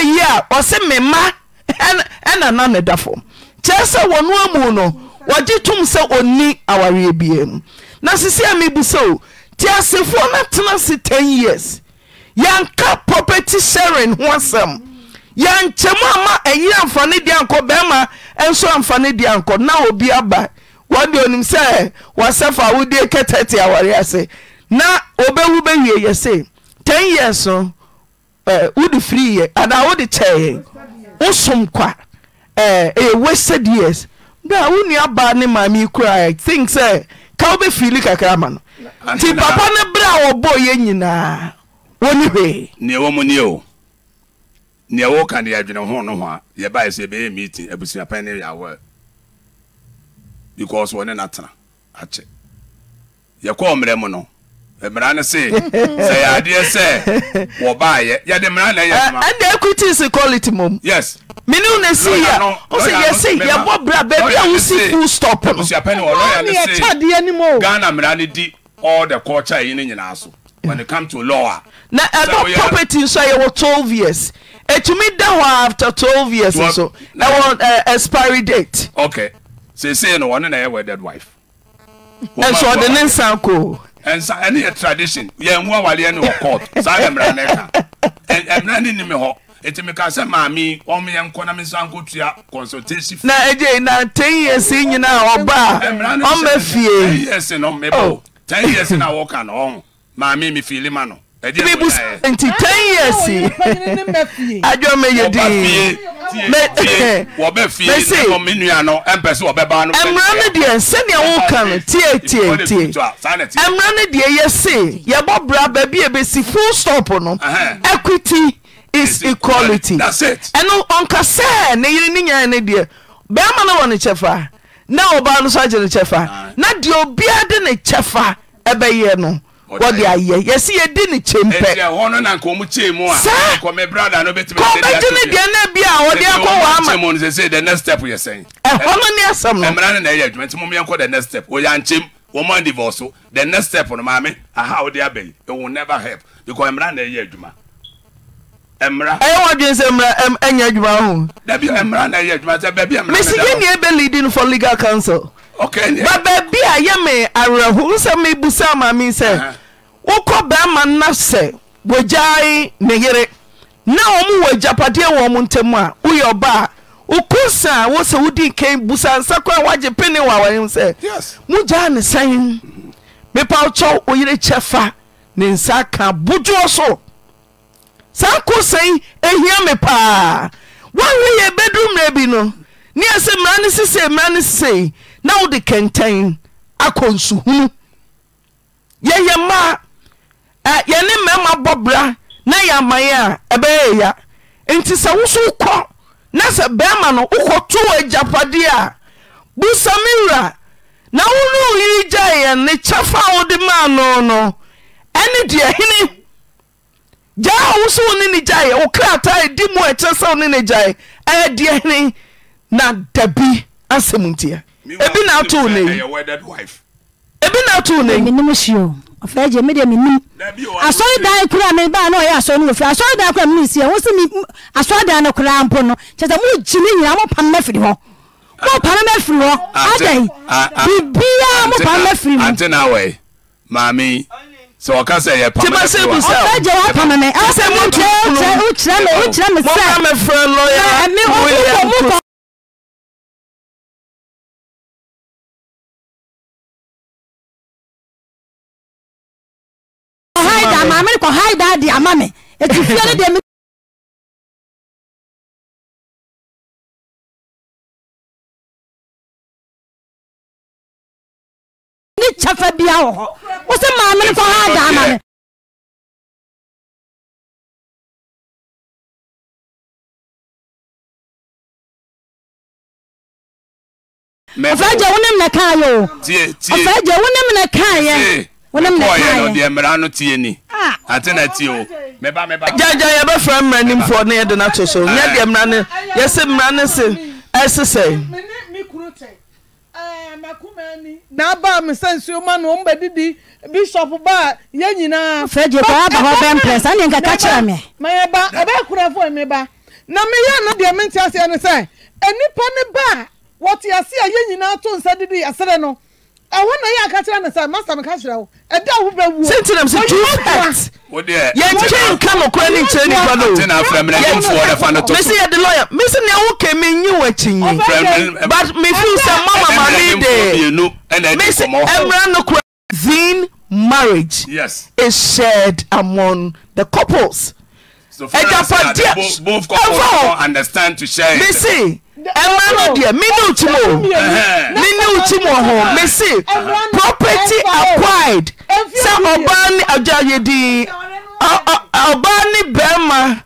ayi a ɔse me ɛna na ne da fam sɛ wɔno amu no wɔgye tom sɛ onni na sisi a mebu sɛo ti asefoɔ na tena si ten years yɛanka property sharing ho asɛm yɛnkyɛm ama ɛyere amfane de ankɔ bɛima nso amfane de ankɔ na obi aba wɔde onim sɛ ase na obɛwu bɛwie yɛ se ten years no wosom kwa ɛyɛ eh, eh, wasted years bɛa wo nnuabaa ne maame koraa think sɛ ka wobɛfiili kakra ama no nti papa no berɛ a wɔbɔɔ yɛ nyinaa wɔni hwee neɛ wɔ mu ni o neɛ woka ne yɛadwene ho no ho a yɛbaɛ sɛ yɛbɛyɛ meeting ne because wɔne akyɛ yɛkɔɔ mmerɛ mu no mmara no se sɛ yɛ adeɛ sɛ wɔbaayɛ yɛde mmara na ɛyɛ adwuma ɛna ekuti si quality mom yes mene wo na si yɛ wo sɛ yɛse yɛbɔ bra baabi a wo si stop no ghana mmara no di all the culture yi no nyinaa so when it come to law na ɛbɔ property nso a yɛwɔ twelve years etumi da hɔ after twelve years nso na wɔn expiry date okay sese no wɔne na ɛyɛ wedded wife ɛnso ɔde ne nsa ko ɛnsa ɛne yɛ tradition yɛn e, e, ho awareɛ ne wɔ court saa yɛ mmerɛ ne ka mmerɛ ne nim hɔ eti mi ka sɛ maame wɔn yɛ nkɔ mi nsa nko tua consultation. na eje na ten years nyinaa ɔba ɔmɛ fie. ten years no mebo oh. ten years na wɔka no ɔn maame mi fi lima no bibu nti ten years adwa mɛ yɛ dii mɛsi mmara no deɛ sɛnea woka no tie tie tie mmara no deɛ yɛse yɛbɔ bra baabi a bɛsi full stop no equity is equality ɛno ɔnka sɛ ne yere ne nyaa ne deɛ bɛrima no wɔ ne kyɛfa na ɔbaa no so agye ne kyɛfa na deɛ obiara de ne kyɛfa ɛbɛyɛ no wɔde ayɛ yɛsi yɛ di ne kyɛn pɛ sɛ kɔmɛgye ne deɛ ne bi a wɔde akɔ wɔ ama ɛhɔ no ne eh, asɛm no mmara ne na ɛyɛ adwuma nti mo miyɛn kɔ the next step oyɛ ankyɛm wɔn ma divorce the next step no maame aha wɔde abɛyi it will never help because mmara na ɛyɛ adwuma. ɛyɛ wadwen sɛ mmara ɛnyɛ adwuma ho mesigye nea ɛbɛ leading for legal council ba baabi a yɛ me awerɛho sɛ mebusa ma sɛ uh-huh. wokɔ bɛrima na sɛ wɔgyae ne yere na ɔmo wɔ agyapadeɛ wɔ mo ntam a woyɛ ɔba a sa a wo sɛ wodi busa nsa woagye pene wɔ sɛ mogyaa ne sɛn mepa wokyɛw wo yere kyɛ fa ne nsa ka bodwoɔ so saa kosɛi ɛhia me paa wohwɛ yɛ bɛduru mmerɛ bi no ne a sɛ mmera ne sesei mmera no sesei na wode kɛntɛn akɔ nsuhunu yɛyɛ maa yɛne mmarima bɔbra na yɛ amaeɛ a ɛbɛyɛ ɛya nti sɛ wo so wokɔ na sɛ bɛrima no wokɔ tooɔ agyapadeɛ a busamiwura na wone yir gyaeyɛ ne kyɛfawode maa no no ɛne deɛ hene gyaa wo so wo ne ne gyae wo krataa ɛdi mu ɛkyerɛ sɛ wo ne ne gyae ɛyɛdeɛ ne na dabi asɛm ntia ebi na ato wo n'ayi ebi na ato wo n'ayi. menim sio ɔfɛ gye medeɛ menim asɔredan kura me baa na ɔyɛ asɔre no wɔfiri asɔredan kura me ne sie wo sɛ me asɔredan no koraa mpo no kyɛ sɛ mogye ne nyinaa mopam ma firi hɔ mopam ma firi hɔ adɛn biribiaa mopam ma firi mu. maame sɛ ɔka sɛ yɛ pamɛsɛ ɔbɛgye wapamame asɛ wokyerɛ me wokyerɛ me sɛ maame kɔ haida de ama me ɛti fie no deɛ ne kyɛfa bia wɔ hɔ wosɛ maame no fa ha daa ma me afɛgya wonem ah. na kaayɛ o afɛgya wonem na kaayɛ wonem na kaayɛ deɛ mmara no tie ni ate na tie o gyagya yɛbɛfrɛ mmara nimfoɔ ne yɛde no ato so nyɛ deɛ mmara ne yɛse mmara ne se ɛse sɛ n'aba mi sɛ ma no ɔmbɛ didi bishop ba yɛn nyinaa. fɛ jɛ kɔ aba hɔ bɛn pɛ sanni nka ka kyerɛ mi. mɛ yɛ ba ɛbɛ kura fɔ mi ba na mi yɛ no deɛ mi ti aseɛ ni sɛ enipa ni ba wɔte aseɛ yɛn nyinaa to nsa didi yasere no. tamyɛnkɛnka nokora ne nkyerɛ neames yɛde lwye mɛsinea woka menyi wo akyiyi but mefi sɛ ma mamanedemra no n marriag ie amon te coplesafa de ɛma no deɛ mene wo tim o mene wo tim wɔ ho me property acquired sɛ ɔbaa ne agya yɛ din ɔbaa ne bɛrima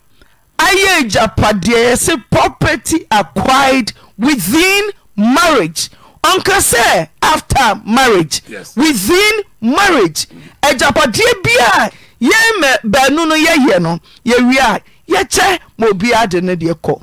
ayɛ agyapadeɛ yɛse property acquired within marriage ɔnka sɛ after marriage yes. within marriage agyapadeɛ bi a yɛn baanu no yɛyɛ no yɛwie a yɛkyɛ ma obiaa de no deɛ kɔ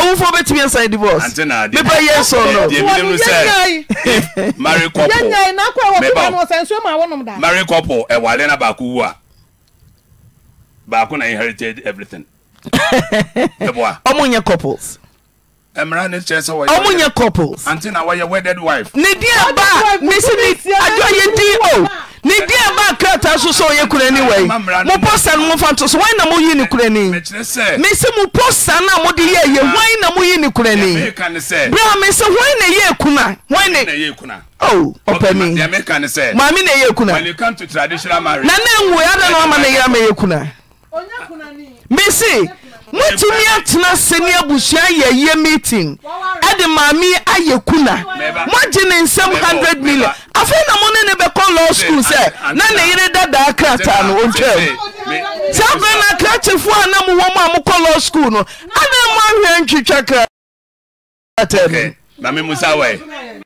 owufo bɛtumi asan divorce mepa yɛ sɔ no mare couple ɛwale na baako wu a baako na inherited everything ɔmo nyɛ couples mmara ne kyerɛ sɛ wɔyɛ ɔmo nyɛ couples ante na wɔyɛ wedded wife ne di aba mesi ne adu a yɛ di o nedi makrataa so so ɔyɛ kunane wmopɔ sano mofatso na moyine kane misɛ mopɔ sano a mode yɛye na moyine knanerɛ ms neyɛn amneyɛ una na nɛmu oh, ada na ama ne yera ma yɛ kuna s motumi atena sɛne abusua yɛ yie meeting ɛde maame ayɛ kuna moagye ne nsɛm 100 million afei na mo ne ne bɛkɔ law school sɛ na ne yere dadaa krataa no ɔntwam sɛ aberɛ no akrakyefoɔ a na mowɔ mu a mokɔ law school no adɛn mo ahwɛ ntwitwa krataa mu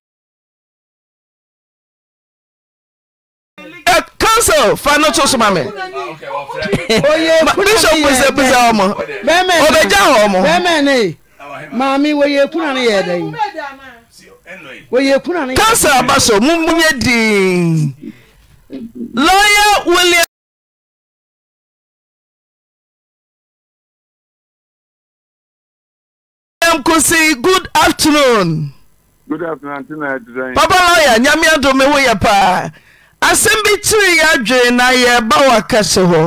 council fa no to ma me oye bishop pese pese ọmọ ọbẹja ọmọ. bẹ́ẹ̀ ni maami oye kuna ni yẹ dẹ́yìn oye kuna ni. council abaso mu mu nye diin lawyer william. Nkusi, good afternoon. Good afternoon, Tina. Papa lawyer, nyame adome wo yɛ paa. asɛm bi kyere yɛ adwene na yɛrba wɔ akɛse hɔ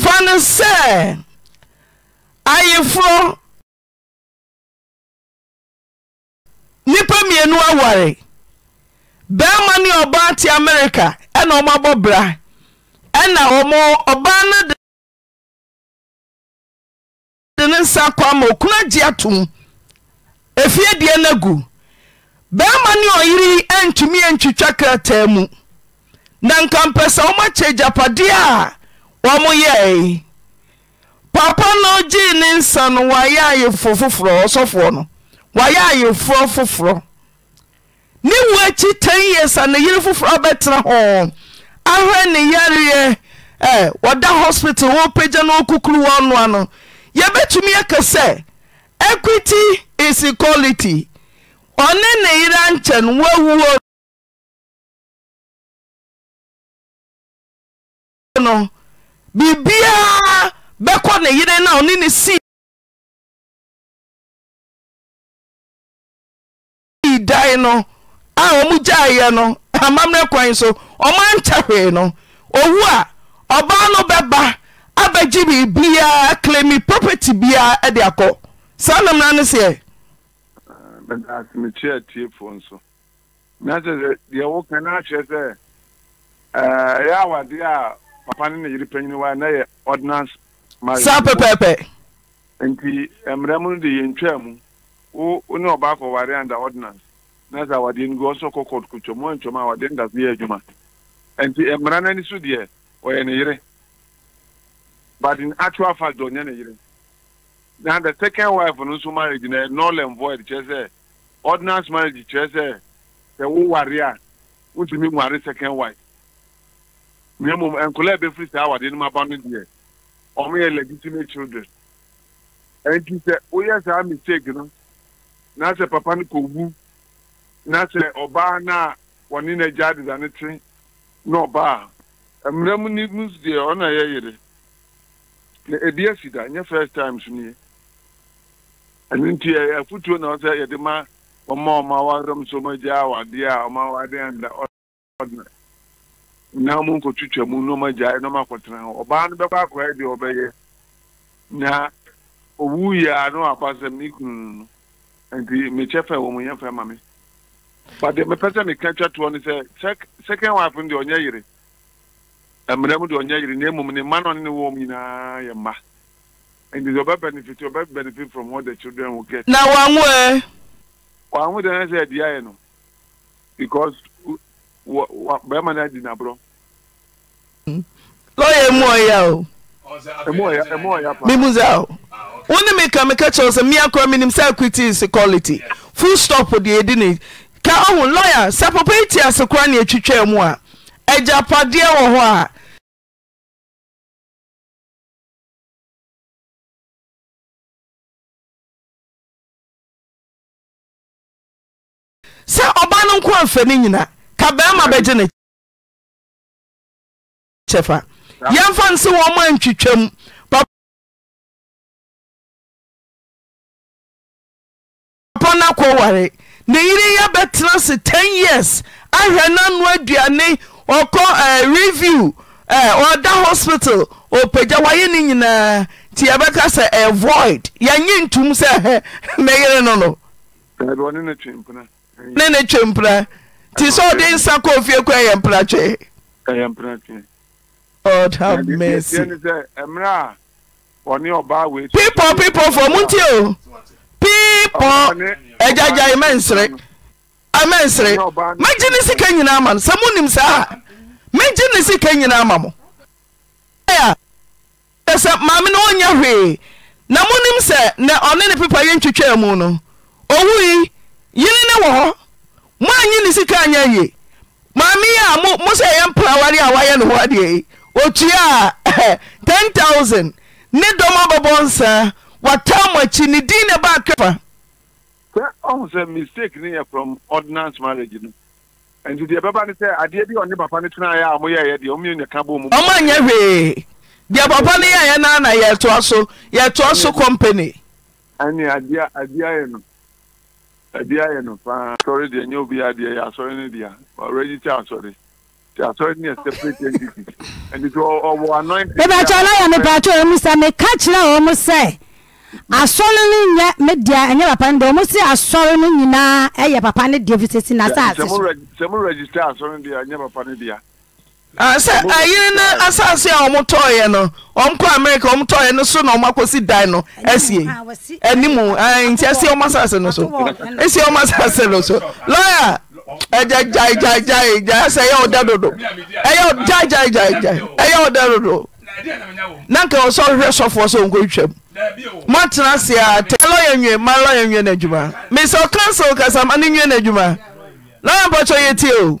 fa no sɛ ayeforɔ nnipa mmienu aware bɛrima ne ɔbaa te amerika ɛna ɔma abɔ bra ɛna ɔmo ɔbaa no de ne nsa kɔ ama okuna gye atom efie deɛ no agu bɛrima ne ɔyere antumi antwitwa krataa mu na nkampɛ sɛ womakyɛ agyapadeɛ a wɔ mo yɛe papa no gyee ne nsa no wayɛ ayefo foforɔ ɔsɔfoɔ no wayɛ ayeforɔ foforɔ ne wu akyi 10 years a ne yere foforɔ abɛtena hɔ ahwɛ ne yareɛ e, wɔda hospital ɔkukuru no yɛbɛtumi equity is equality ɔne ne no biribiaa bɛkɔ ne yere na a ɔne ne sii dan no a ɔmugyaeeɛ no amammerɛ kwan so ɔmaankyɛ hwee no owu a ɔbaa no bɛba abɛgye biribiaa klemi property biaa ɛde akɔ saa na no seɛ mekyerɛ atiefoɔ nso na kyɛ sɛ deɛ woka no akyerɛ eh, papa ne ne yere panyini wa na yɛ ordinance marriage saa pɛpɛɛpɛ nti mmerɛ mu no de yɛntwaa mu wo ne ɔbaafo ware under ordinance na sɛ awadeɛ no gu ɔsɔ kɔkɔ kotwom a ntwom a awadeɛ no dase yɛ adwuma nti mmara no ani so deɛ ɔyɛ ne yere but in actual fact ɔnyɛ ne yere na the second wife no nso marriage na null and void kyerɛ sɛ ordinance marriage kyerɛ sɛ sɛ woware a wotumi nware second wife na mmom ebe ebefiri saa awadeɛ no mu aba no deɛ wɔn legitimate children nti sɛ woyɛ saa mistake no na sɛ papa no kɔ na sɛ ɔbaa no a wɔne n'agya adeda no te na ɔbaa mmerɛ mu ni mu deɛ ɔna na ebi esi da nye first time so nie ɛno nti na ɔsɛ yɛde ma ɔma ɔma awadeɛ na mu nkotwitwa mu nneɛma gyae nneɛma akɔtena hɔ ɔbaa no bɛkɔ akɔɛ deɛ ɔbɛyɛ na owu yie a no akɔ asɛm ne nti mekyɛ fɛ wɔ mu yɛ fɛ ma me but mepɛ sɛ meka twa toɔ no sɛ second wife no deɛ ɔnyɛ na mmom mma no ne ne nyinaa yɛ mma nti deɛ benefit ɔbɛ benefit from what the children will get. na wɔn anwo ɛ. wɔn anwo deɛ ne sɛ ɛdi ayɛ because. bɛrima no adi naborɔ lɔya mu ɔya o ah, mimu sa o wo ne meka meka kyerɛw sɛ mea kora menim sɛ equity is equality full stop deɛ ɛdi ne ka ɔhu lɔya sɛ papa yi te ase kora ne atwitwaa a. a agyapadeɛ wɔ hɔ a sɛ ɔba no nko amfa ne nyina fa bɛrima bɛgye ne kyɛ fa yɛmfa nse wɔma ntwitwam papa no akɔware ne yere yɛbɛtena se 10 years ahwɛ no aduane ɔkɔ eh, review eh, ɔda hospital ɔpagya wayɛ ne nyinaa nti yɛbɛka sɛ avoid yɛnye ntom sɛ no no ne ne ti sɛɔde nsa kɔɔfie kɔyɛ mpa pepɔɔ pepɔɔfoɔ monti o pipɔɔ agyagya e ma nsere mɛ nsere megye ne sika nyinaa ama no sɛ monim sa a megye ne sika nyinaa ama mo ɛsɛ maa mene ɔnyɛ hwee na monim sɛ nɛ ɔne ne pepa yɛ ntwitwaa mu no ii mo anye ne sika nnyɛ yi maameyɛ a mo sɛ yɛ mpra wareɛ a wɔayɛ no hɔ adeɛ i ɔtua a t0n tousand ne dɔmɔ bɔbɔ nsaa wɔtaw makyi ne din ne bakɛa ɛɔh sɛ mistake ne yɛ frɔm ordinance marage no nti deɛ ɛbɛba n sɛ adeɛ bi ɔne papa no taɛ moyɛɛ deɛkɔma nyɛ hwɛe deɛ papa no yɛ yɛ noana yɛtoa so yɛatoa so cɔmpan ɛdeɛ ayɛ no paa asɔre deɛ nyɛ obi adeɛ yɛ asɔre no deɛ ɔrɛgye kyɛ asɔre nti asɔre no yɛ separate entity ɛnti sɛ ɔwɔ anointing mepatwɛ ɔlɔyɛ mepatwɛ ɔ mu sɛ meka kyerɛ ɔ mu asɔre no nyɛ me deɛ ɛnyɛ papa no deɛ ɔmo sɛ asɔre no nyinaa ɛyɛ papa no deɛ fi sɛsi na saase so sɛ mo register asɔre no deɛ ɛnyɛ papa no deɛ Ah, sɛ ayere ah, no asase a no ɔmkɔ no so na ɔmakɔsi dan no asie animu ah, nti asie ɔma asase no so ɛsie ɔma asase no so lɔya ɛgya gyae dodo ɛyɛ ɛyɛ ɔda dodo na nka wɔ sɛ ase a tɛ lɔya nwie ma lɔya nwie no adwuma mesɛ ɔkansel kasama ne nwie lɔya yɛ tie o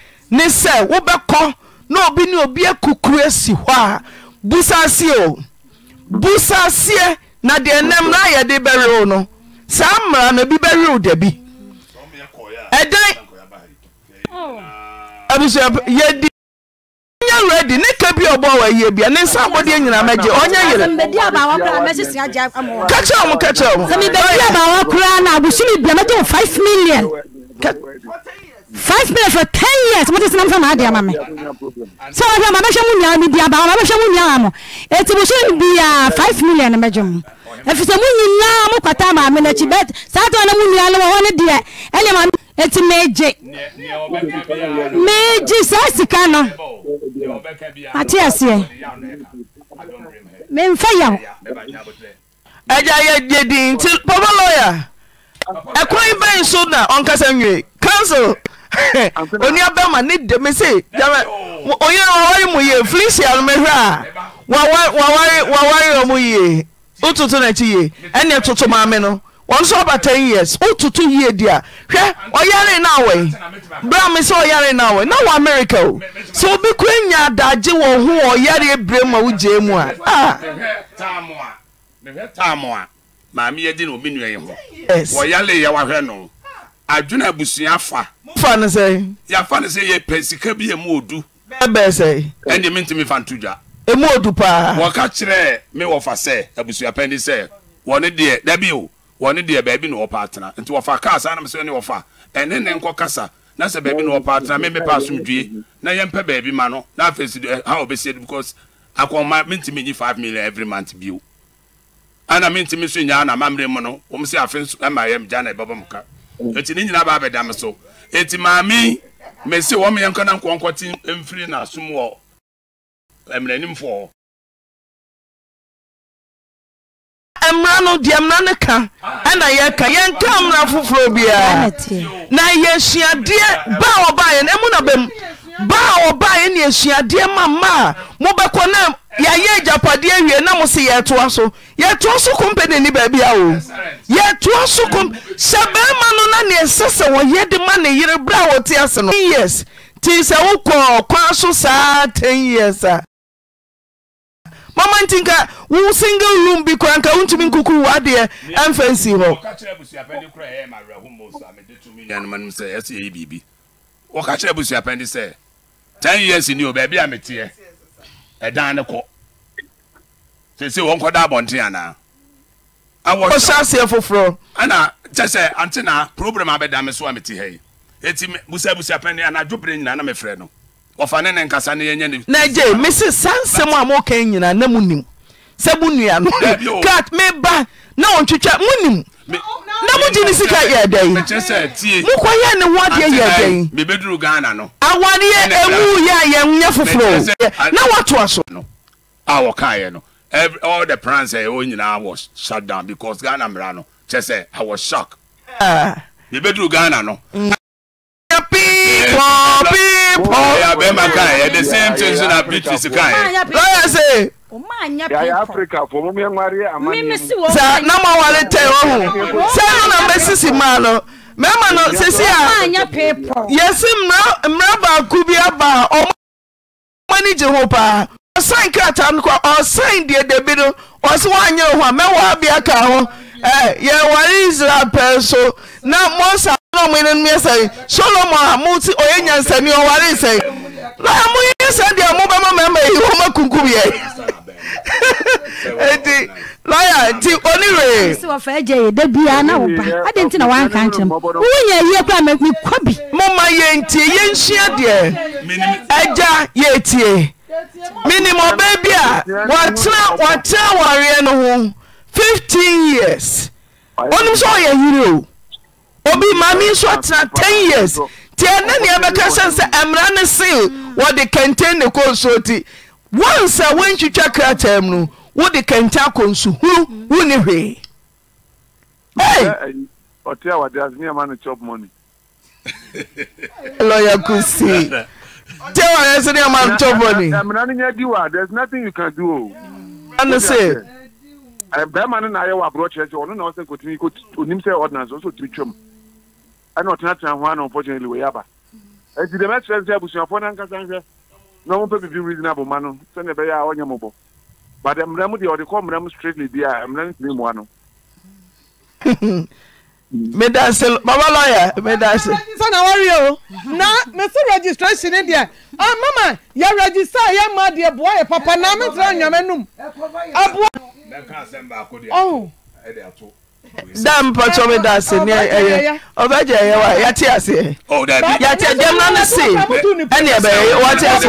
ne sɛ wobɛkɔ na obi ne obi akukuro asi hɔ a busaseɛ o busaseɛ na deɛ nam no ayɛde bɛwerew no saa mmara no bi bɛwerew da bi ɛdan oh. abusua yɛdi ɔnyɛ ready ne ka bi ɔbɔ wɔ ayie bia ne nsa abɔdeɛ nyinaa mɛgye ɔnyɛ yere ka ɔmo ka ɔmo. sɛ mi bɛ kura na abusumi bia mɛgye o five million five minutes for ten years mo ti sinam fún maa di ama mi sọ wọn fi ọmọ abẹ́sẹ̀ mu nyàá mi di aba ọmọ abẹ́sẹ̀ mu nyàá mu ètò ìbùsùn bi ya five million mẹ́jọ mu efisẹ mu nyinaa mu kọta maame n'akyi bẹẹ saa tó ọ̀nà mu nyinaa lọ wọn ni diẹ ẹni maame eti meegye meegye saa sika no ati aseɛ mmefa yaw. ɛgya yɛ yɛ di nti papa lawyer ɛkwan bɛn so na ɔnkasa nwie council. onuabɛma ne deme se ɔyere waware mu yie a waware ɔ mu yie wototo na akyi yie ɛneɛ toto maa me no aba 10 years ụtụtụ yie di a hwɛ ɔyare no awɔe me sɛ ɔyare na awɔe na America o So, obi ko adagye wɔn ho ma mu a adwene abusua fa. fa ne sɛ. yafa ne sɛ yɛ pɛ sika bi emu odu. bɛɛbɛɛ sɛ. ɛnni mi ntumi fa ntudwa. emu odu paa. wɔka kyerɛ mi wɔfa sɛ abusua pɛn ni sɛ wɔne deɛ dabi o wɔne deɛ baabi na wɔpa atena nti wɔfa kaasa anam sɛ ne wɔfa ɛne ne nkɔ kasa na sɛ baabi na wɔpa atena mi mi pa asomdue na yɛn pɛ baabi ma no na afɛ si ha ɔbɛsi ɛdi because akɔnma mi ntumi nyi five million every month bio ana mi ntumi so nya na mamire mu no wɔn si afe nso ɛma yɛm gya na ɛbɛbɔ mu ka. eti ne nyinaa baa so eti maame mesi wɔn yɛn nkɔ na nkɔnkɔ ti mfiri na wɔ ọ mmara no deɛ mmara no ka ɛna yɛka yɛnka mmara foforɔ biara na yɛsuadeɛ ba a no ɛmu na bɛm ba a wɔbaeɛ ne yɛsuadeɛ ma mma a mobɛkɔ na yɛayɛ agyapadeɛ wie na mo se yɛtoa so yɛtoa so kompani ni baabi a o yɛtoa so kom sɛ bɛrima no na neɛ ɛsɛ sɛ wɔyɛ de ma ne yere berɛ a wɔte ase no years nti sɛ wokɔ kwan so saa 10 years a mama nti nka wo single room bi kora nka wontumi nkuku w'adeɛ ɛmfa nsi hɔ wɔka kyerɛ abusuapɛn de sɛ 10 years ni o baabi a meteɛ ɛdan ne kɔ sese wɔn kɔda abɔnten ana. awɔ hyɛ aseɛ foforɔ. ɛna kyɛ sɛ ante na program abɛda me so a me te ha yi eti busabusa pɛni anadwo bere nyinaa na me frɛ no wɔfa ne ne nkasa ne yɛnyɛ ne. na gye mesi saa nsɛm a mo kɛn nyinaa na mo nim sɛ mo nua no kat me na wɔn twitwa mo nim. gye ne sika yɛ dɛn mokɔ yɛ ne wɔdeɛ yɛ dɛn awareɛ ɛwu yɛ a yɛnyɛ foforɔ na woatoa so a wɔkaeɛ no all the plans ẹ o nyinaa was shut down because ghana mìíràn no kyẹ sẹ i was shocked. yẹ ah. ghana no. yɛ se na maware tɛ wɔ hu sɛ no na mɛsisi maa lɔ mema no sesia yɛ si mmra ba ku bi abaa mane gyi ho paa ɔsane krata noka ɔsan deɛ dabi no ɔ se wɔanyɛ wo ho a mɛwɔa bia ka hɔ Eh, yɛware israel pɛɛ so na mɔsa na ɔmo yɛn yɛ sɛ solomon a mo ti ɔyɛ nyansani ɔware sɛ na mo yɛ sɛ deɛ mo bɛ ma mɛma yi wɔn ma kunkun yɛ eti lɔya nti onire. sisi wɔ fɛ jɛ yi de bi ya na wo ba adi nti na wa nka nkyɛn mu wo yɛ yie kura mɛ mi kɔ bi. mo ma yɛ ntie yɛ nsua deɛ fifteen years onim sɛ ɔyɛ yiri o obi maame nso atena ten years ti ɛne nea ɛbɛka sɛ sɛ mmara ne see wɔde kɛntɛn ne kɔ nsuo ti once a wɔntwitwa krataa mu no wode kɛntɛn akɔ nsu huru hu ne hwee. ɔte a wade ase nneɛma no chop money. lɔya kusi te wade ase nneɛma no chop money. mmara no nya di wa there is nothing you can do o. ɛne sɛ. Eh, bɛrima no naayɛ wɔ aborɔ kyerɛ sɛ ɔno na ɔsɛ nkotumi onim sɛ ordinance ɔsɛ ɔtumi twam ɛna ɔtenatena ho ana unfortunately wei aba nti dɛm ɛkyerɛ sɛ abusuafoɔ no ankasa nhwɛ na ɔmompɛ biribi reasonable ma no sɛnea ɛbɛyɛ a ɔnyɛ mɔbɔ but eh, mmerɛ mu deɛ ɔde kɔ mmerɛ mu straightly bi a mmerɛ no tumi mmoa no medanse mama lawyer medanse. sani awari o na mesi registration deɛ ah mama yɛ register yɛ ma deɛ bua yɛ papa na mi tẹ ɛ nyame num. ɛbuwa. bɛɛ kan sɛn baako de. ɛdi ato. da mpatwɛ me ase wa ase na ne se ɛne ɛbɛyɛ wɔte ase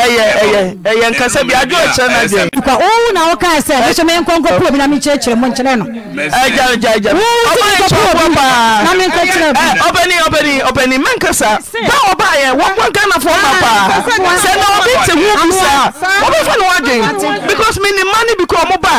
ɛyɛ ɛyɛ ɛyɛ nkasa bi adwo ɛkyerɛ na Nka owu na wokaa sɛ mehyɛ menkɔnkɔ puro bi na mekyerɛkyerɛ mo nkyerɛ no agyagyaagya ɔbɛkyɛwɔ paa na menkɔkyerɛ ɔbɛni ɔbɛni ɔbɛni menkasa da paa na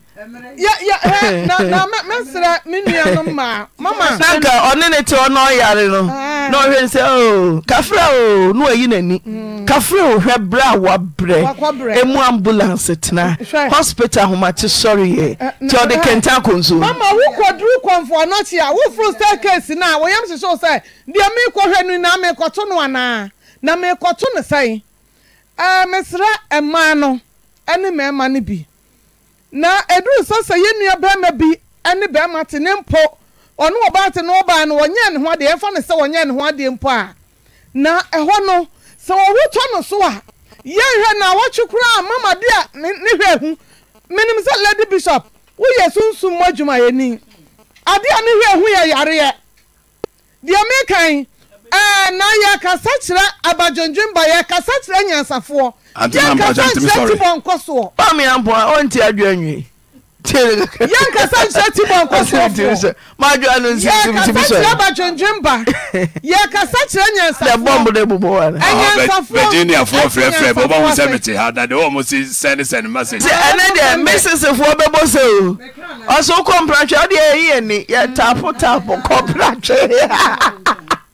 mɛsrɛ me nuanom ma mama nanka ɔne ne te ɔno ɔyare no ah. na ɔhwɛ n sɛ o mm. kafrɛ o na wayi n'ani kafrɛ o hwɛ berɛ a wabrɛ ɛmu ambulance tena hospital ahomate sɔreyɛ nti eh, eh, ɔde eh, kɛnta akɔnso mama wokɔduru kɔmfoɔ no kye a woforo staircase no a wɔyam hyehyɛ wo sɛ deɛ meekɔhwɛ no nyinaa meekɔto no anaa na meekɔto no sɛe mesrɛ ɛmaa no ɛne mɛɛma no bi na eduru sɛ sɛ yɛn nua bɛrima bi ɛne bɛrima te ne mpo ɔno ɔbaa te ne ɔbaa no wɔnyɛ ne ho adeɛ yɛfa ne sɛ wɔnyɛ ne ho adeɛ mpo a na ɛhɔ no sɛ wɔwotɔ no so a yɛhwɛ na wɔtwe kura a mama de a ne hwɛ hu menim sɛ lady bishop woyɛ sunsum mu adwumayɛni adeɛ a ne hwɛ hu yɛ yareɛ deɛ mekan Eh, na yɛ kasa kyerɛ abadwondwemba yɛ kasa kyerɛ nyansafoɔ yɛ kasa tibɔ nkɔ soɔ. o n ti adu anwi. tibɔ nkɔ soɔ yɛ kyerɛ abadwondwemba yɛ kasa kyerɛ nyansafoɔ ɛnyansafoɔ sɛ ha dade wɔn si sɛni sɛni deɛ mesisifoɔ o ni yɛ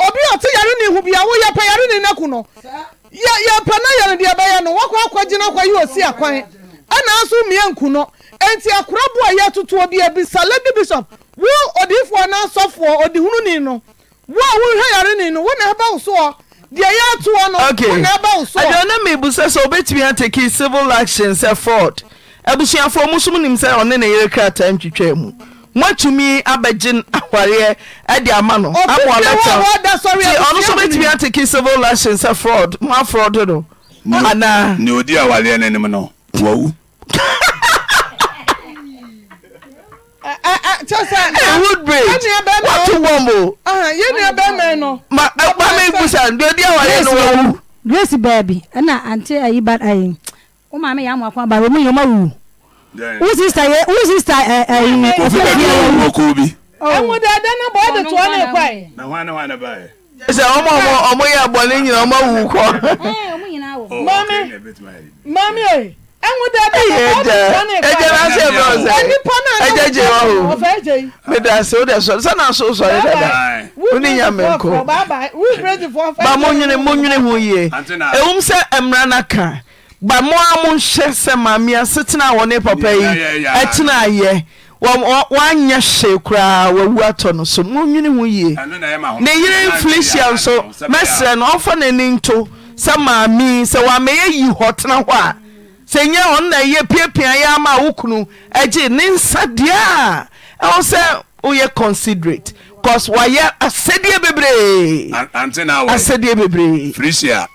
obi ɔte yare ne ho bia woyɛ pɛ yare ne naku no yɛpɛ na yɛre deɛ bɛyɛ no wakɔ akɔgyina kɔ yi osi akwan ɛna nso mmea nku no enti akorabo a yɛatotoɔ deɛ bi sa lady bishop wo odiifoɔ na asɔfoɔ odihununi no wo a wohwɛ yare ne no wo na ɛbɛ wo soɔ deɛ yɛatoɔ no wo na ɛbɛ wo soɔ. ɔna mebu sɛ sɛ obetumi ataki civil action sɛ ford abusuafoɔ musom nim sɛ ɔne ne yere krataa ntwitwa mu moatumi abɛgye awareɛ de ama no amaɔno so bɛtumi ateke civil action sɛ fraud mo afraud eh, eh, eh, ah, no anaa ne odi awareɛ no anim no wawu woodbridgewato wɔm o ma mebu sa deɛ odi awareɛ no wawu grace baabi ɛna ante ayi ba ayɛ wo maame yɛ amoako aba wɔ mu yɛ ma wuwu wo sista yɛ wo sista ɛ ɛ ofi bɛ diɛ wo ko bi. ɛmu dada na bɔ ɔdi tuwa ne kɔ yi. na hwan na hwan na ba yɛ. sɛ ɔmɔ ɔmɔ ɔmɔ yɛ abɔni nyina ɔmɔ wu kɔ. mami mami oye ɛmu dada na bɔ ɔdi tuwa ne kɔ yi. ɛjɛ na se ɛbɛ ɔsɛ ɛjɛ jɛ wa o mɛda se o de sɔrɔ sani aso sɔrɔ dada o ni nya mɛ nko ba mo nyini mo nyini ho yie ewum sɛ ɛmira na kan ba moa mo nhyɛ sɛ mamea setena a wɔne papa yi ɛtena ayɛ woanyɛ hyee koraa wawu atɔ no so monwene ho yie ne yere mflisia nso mɛsrɛ no ɔmfa n'ani nto sɛ maame sɛ wɔamɛyɛ yi hɔ tena hɔ a sɛ nyɛ ɔn na yɛ piapia yɛ ama wo kunu agye ne nsa deɛ a ɛwɔ sɛ woyɛ considerate cause wayɛ asɛdeɛ bebree asɛdeɛ bebree frisia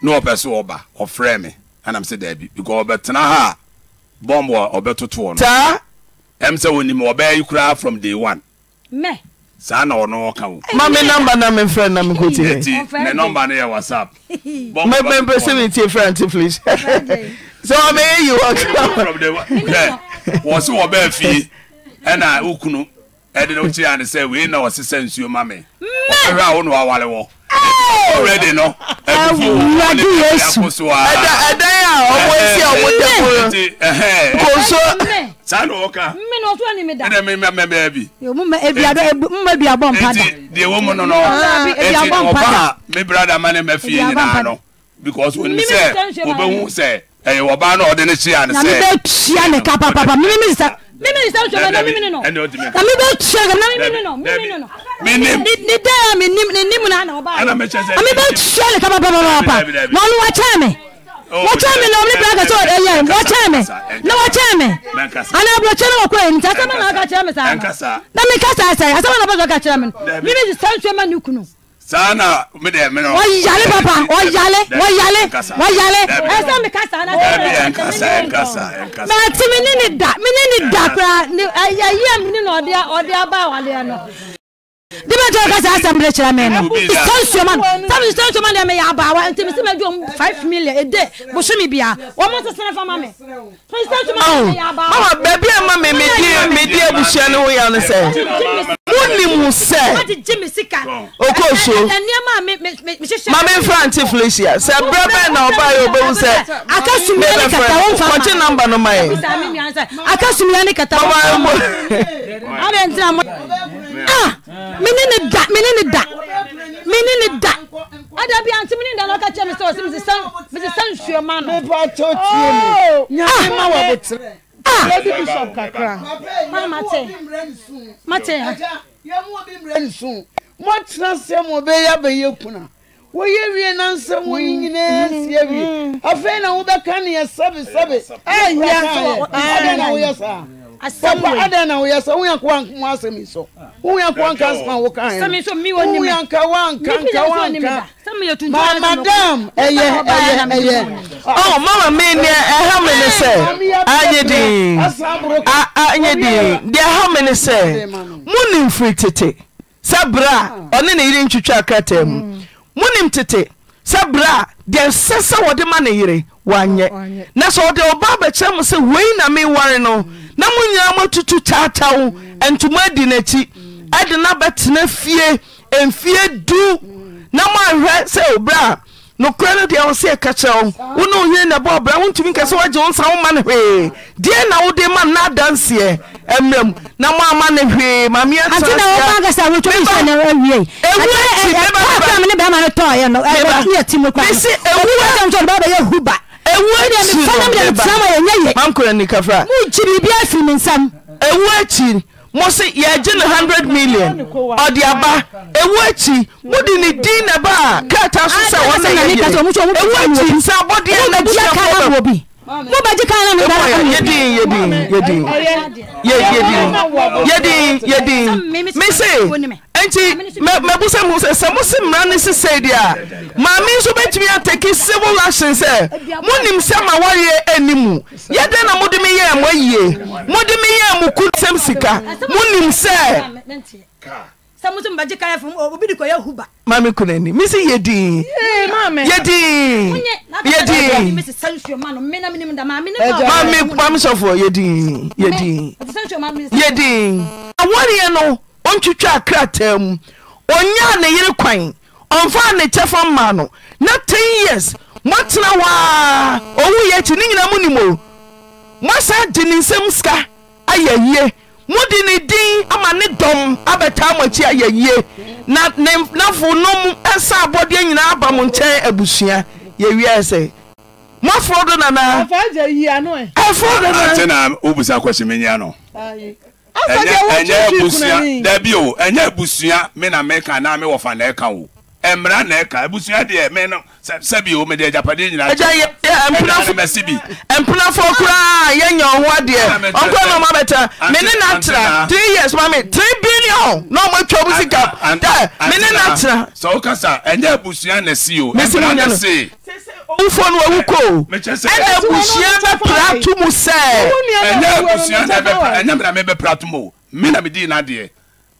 na ɔpɛ so ɔba ɔfrɛ me ɛna m sɛ daabi because ɔbɛtena ha a bɔm wɔ ɔbɛtotoɔ no taa ɛm sɛ wɔnim ɔbɛyɛ yi koraa from day one mɛ saa na ɔno ɔka wo ma me namba na me mfrɛ na mekɔti hɛ me namba no yɛ whatsapp mɛpɛmpɛ sɛ metie frɛ ante please sɛ ɔbɛyɛ yi wɔkra wɔ se wɔbɛɛ fie ɛna wo kunu ɛde no wokyerɛ ane sɛ wei na ɔsesɛ nsuo ma me ɔhwɛ a wo na wawale wɔ already no. Ẹwúrọ̀dì Yéṣu. Ẹ̀dá ẹ̀dá yà ọmọ esi ọmọ tẹ̀kọ̀. Kò so. Sáà ni ọ̀ka. Mímí ni ọ̀tún ẹni mi dà. Ẹ̀dá mi mi mi ẹbi. Mu ma ebi abọ́ mu ma ebi abọ́ mpa dà. Eti di ewu mu nínú. Eti ọba a mi brada ma ne ma fi yín nínú àná. Because onísẹ̀ òbẹ̀hún sẹ̀ ẹ̀yẹ̀ ọba náà ọ̀dẹ́ni ṣí àná sẹ̀. Nà mi bẹ́ẹ̀ ṣí àná ká pàpàpà mímí mi sẹ́ mímí ni sáwọn sọgbà náà mímí ni nọ na mi bẹ sọgbà náà mímí ni nọ mímí ni nọ ni dẹ yà mi ni ni mu náà nà ọba àná mi bẹ sọgbà kaba bàbà bàbà mọ ọnu wà kyẹn mi wà kyẹn mi nà ọmọ ní bẹrẹ kẹsọ ẹ yẹ wà kyẹn mi nà wà kyẹn mi àná abúlé kyẹn wà kọ yẹ nìta asẹ́mọ̀ náà kà kyerẹ́ mi sáà nà mi kásá ẹsẹ̀ asẹ́mọ̀ náà bẹ̀ sọ̀ kà kyerẹ́ mi mímí ni sáwọn sọgbà náà ni oh, kunu saa na mi dɛ mi na. wọ́n yalé papa wọ́n yalé wọ́n yalé wọ́n yalé ɛsɛ mi kasa ala tɛ mi yɛ nkasa nkasa nkasa. mɛ ti mi ni ni da mi ni ni da kura ɛyɛ yɛ mi ni na ɔdi aba awaleɛ nɔ de bɛ jɔn kasa asɛmbre kyerɛ me no sɛnsuoma no sabi sɛnsuoma deɛ meyɛ abaawa nti mesɛ madwo five million ɛde bosome bia wɔmo sesene fa ma me mama baabi a ma me medi abusua no woyɛ no sɛ wonim sɛ ɔkɔsuo ma memfra nte felicia sɛ berɛ bɛn na ɔbaɛ ɔbɛwu sɛ akasumyɛnkɔkye namba no ma yɛ akasumyɛ ne kata a mene ne da mene ne da mene ne da ada bi anti mene da na ɔka kyerɛ me sɛ ɔsɛ mesesa mesesa nsuoma no mepa kyɛ tie me oh! nyame ah! ma wɔ botere lady ah! bishop asɛm wei adan na woyɛ sɛ woyɛ nkoa nko asɛm yi so woyɛ nkoa nka asɛm wo ka sɛm so mi wɔ nim woyɛ nka wanka nka wanka sɛm yɛ tuntum ma madam ɛyɛ ɛyɛ ɛyɛ ɔ oh, mama mi ni ɛha mi ni sɛ anyɛ din anyɛ din deɛ ɛha mi ni sɛ mu ni nfiri tete sɛ bra ah. ɔne ne yiri ntwitwa krataa mu mm. mu ni tete sɛ bra deɛ nsɛ sɛ ma ne yere woanyɛ na sɛ ɔde ɔba bɛkyerɛ mo sɛ wei na meware no na monyinaa moatutu taatawo ɛntoma adi n'akyi ɛde na bɛtena fie mfie du na moahwɛ sɛ oberɛ a nokora no deɛ wo sɛ ɛka kyerɛ wo wo ne ohwei na ɛbɔ ɔbra wontumi kɛ sɛ woagye wo nsa woma no hwee deɛ na wode ma no nadanseɛ mmerɛm na moama no hwee mameɛmesi ɛwu ewu akyi mo se yɛgye ne 100 million ɔde aba ewu akyi mode ne din na ba a krataa so sɛ wɔne yɛyeewu akyi nsa abɔdeɛ na busuafoɔ mo bɛ ji kan na ni yedin yedin yedin yedin yedin yedin mi se nti mɛbu sɛ mu sɛ sɛ mo se mmara ne sesei deɛ a maame nso bɛtumi ateki civil action sɛ monim sɛ ma wɔyɛ ani mu yɛdɛn na mode me yɛɛ mo ayie mode me yɛɛ mo ku sɛm sika monim sɛ sẹ́mu tún bàjẹ́ káyà fún obi de kò yẹ huba. maami kun ẹni mi si yẹ diin yẹ diin yẹ diin maami maami sọfọ yẹ diin yẹ diin yẹ diin àwọn yẹn no. ɔntwitwaa krataa mu a ne yere kwan a ne kyɛfa mma no na 10 years moatena hɔ ɔwu yɛ akyi ne nyina mo nim o moasa gye ne nsɛm sika ayɛ yie mode ne din ama ne dɔm abɛtaa moakyi ayɛ yie na nafonom ɛsa abɔdeɛ nyinaa aba mo nkyɛn abusua yɛwiaɛ sɛ moaforɔ do nanaa do ɛnyɛ ebusua dabi o ɛnyɛ ebusua mi na mi kan naa mi wɔfa na ɛka o ɛmira na ɛka ebusua deɛ mi no sɛbi o mi deɛ japade nyina kyɛ ɛda ne mɛsi bi. ɛmpunafo koraa yɛ nya ɔho adeɛ ɔnkɔ na ɔmo abɛta mi ne na atra three years maami three billion na ɔmo atwa ɔmo sika dɛ mi ne na atra. sɛ kasa ɛnyɛ ebusua na si o ɛmira na si owufo no wawu ko ɛna abusua bɛpra to mu sɛ ɛnyɛ abusua na ɛbɛpra ɛnyɛ mena mebɛpra to mu o me na medii nadeɛ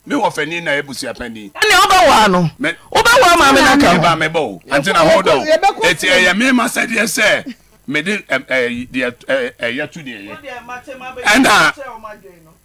me wɔ fani na abusua pani ɛne wobɛwaa no wobɛwaa ma me na ka ba mebɔ o anti na hold on ɛti ɛyɛ mi ma sɛdeɛ sɛ mede ɛyɛ to deɛ yɛ ɛna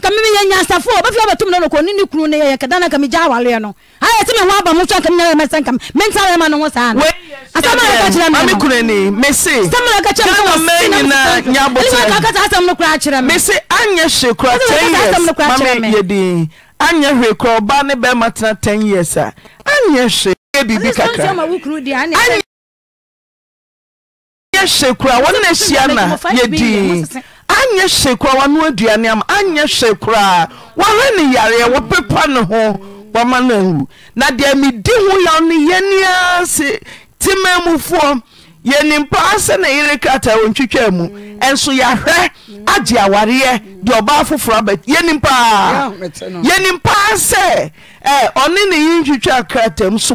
ka meya nya safo b atnn kaaamea awa nomsamayina nyabmesi anyɛ se kradi anyɛ he kra ba ne bɛma tena t0n years a anɛ se bibiaryɛ se kora wanna sia nayei anyɛ hye koraa wano aduane ama anyɛ hye koraa woahwɛ ne yareɛ wɔpepa ne ho wɔama no awu na deɛ medi ho yaw no yɛnia se tima mufoɔ yɛnimpaa ase na yere krataa wɔntwitwaa mu ɛnso yɛahwɛ agye awareɛ deɛ ɔbaa foforɔ aba yɛnimpaa ase sɛ ɔne ne yi ntwitwaa krata mu so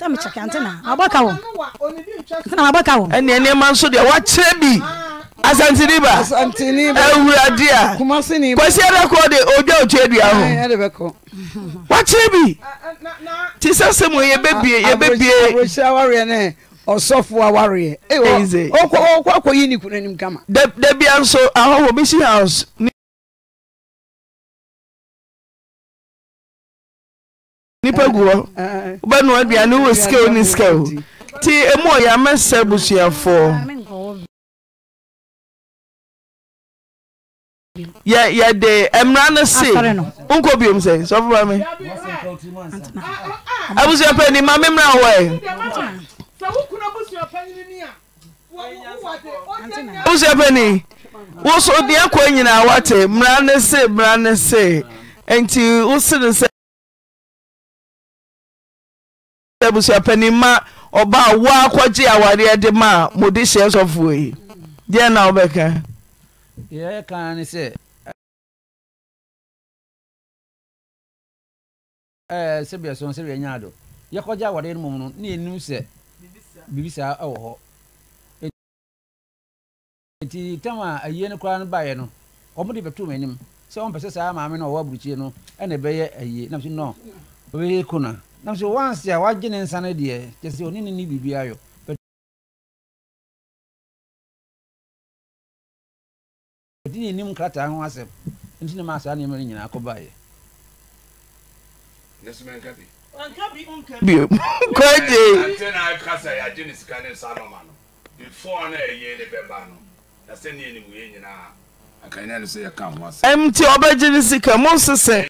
sami kyakya ntena abaka wɔm ntena abaka wɔm. ɛnni ɛnìyɛnma nso deɛ wakyerɛ bi ah, ah. asantiniba awurade a kwasi adakɔ de odwa otwa adua ho eh, wakyerɛ bi ah, ti sɛ sɛ mo yɛbɛbie yɛbɛbie. ɔsɔfo awareɛ ɔkɔ akɔyi ne kunu anim kama dabia nso ahɔhɔ bɛsi house pɛ gu hɔ wobɛnoa aduane wɔ sikao ne sikao nti ɛmu ɔyɛ amɛsɛ abusuafoɔ yɛ yɛde mmara no se nkɔ biom sɛ sɔfo ba me abusua pɛ ni ma me mmra wɔ ɛ e. abusua ni wo so deɛ kɔ nyinaa wate mmara no se mmara no se nti wo se no sɛ abusuapani ma ɔbaa wo akɔgye awareɛ de ma a mode hyɛ sɔfoɔ yi deɛ na wobɛka yɛka ne sɛ sɛbia so sɛbia nya ado yɛkɔgye awareɛ no mom no ne yɛnim sɛ biribi saa ɛwɔ hɔ nti tam a ayie no koraa no baeɛ no ɔmode bɛtoo m'anim sɛ ɔmpɛ sɛ saa maame no ɔwɔ aburukyie no ɛna ɛbɛyɛ ayie nam so nɔ ɔbɛyɛ kona nam sɛ wanse a wagye ne nsa no deɛ kyɛ sɛ ɔne ne ne biribi ayɔ ɛdi ne nim krataa ho asɛm nti ne maasaa nneɛma no nyinaa kɔbaeɛ bio kɔgye eh, before na ɛyɛ ne bɛba no na sɛ ne ɛnimu yɛ nyinaa akanna no sɛ yɛka ho asɛm ɛm nti ɔbɛgye ne sika mo nsesɛ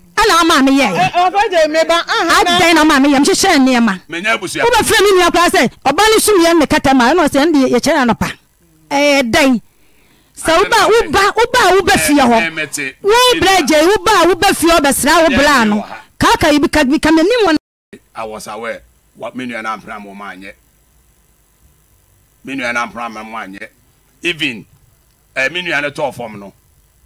ɛna ɔma mi yɛ. ɔfɔdze mi ba aha na. adan na ɔma mi yɛ nhyehyɛ nneɛma. mɛ nyɛ busia. wobɛ fira mi nua kura sɛ ɔba ne sum yɛ kata ma ɛna ɔsɛ ɛna yɛ kyɛn anɔpa ɛyɛ dan sɛ woba woba woba a wobɛ fie hɔ wobrɛ gye woba a wobɛ fie hɔ bɛsra wobla ano kaaka yi ka bi ka mɛ nimu. awɔsawɛ wa mi nua na mpira mu ma nyɛ mi nua na mpira mu ma nyɛ even ɛɛ mi nua ne tɔɔ fɔm no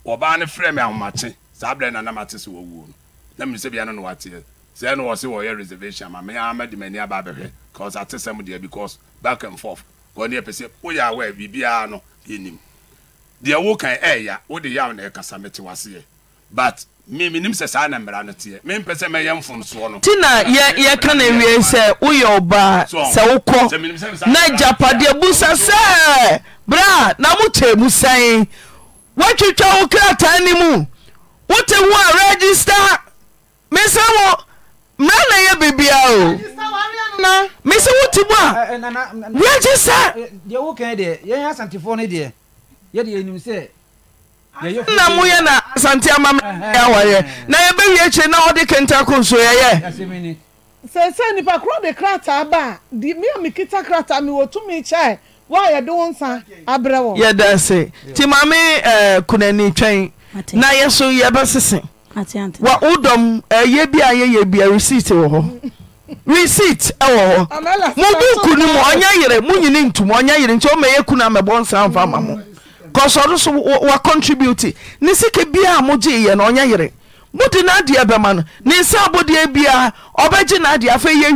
ɔbaa ne fira mi ahomakye saa abirɛ na nam ate sɛ wɔwuo no na mmiri sɛ bia no na wateɛ sɛ na wɔse wɔyɛ reservation ma mea ma de m'ani aba abɛhwɛ cause ate sɛm deɛ because back and forth kɔɔ ne yɛpɛ sɛ woyɛ aware biribiara no yɛnim deɛ wokan ɛɛya wode yaw na ɛkasa mete waseɛ but menim sɛ saa na mmara no teɛ mempɛ sɛ mɛyɛ mfomsoɔ no nti na yɛka no awie sɛ woyɛ ɔbaa sɛ wokɔ na agyapadeɛ busa sɛ Bra a na mokyɛɛ mu sɛn woatwitwa wo krataa no mu wote ho a register mese wɔ mmara na ɛyɛ bebiaa o mesɛ wote mu a eh, eh, wiagye eh, sɛ na moyɛ na asante ama mɛ awayɛ na yɛbɛwie kyire na wɔde kenta ko nso yɛyɛ sɛ sɛ nnipa korɔ de krataa ba a de me a mekita krataa mewɔtumi kyɛe woa yɛde wo nsa abrɛ wɔ yɛda se nti ma me kunani twɛn na yɛ so sisi. wa wodɔm ɛyɛ eh, bi a yɛyɛ bia eh, receipt wɔ hɔ receipt wɔ hɔ mobuku no mu ɔnyɛ mo nyini ɔnyɛ nti ma mo kɔsɔre so wa contribute ne sika biaa mogyee yɛ no ɔnyɛ yere mode n'adeɛ bɛma no ne nsa n'adeɛ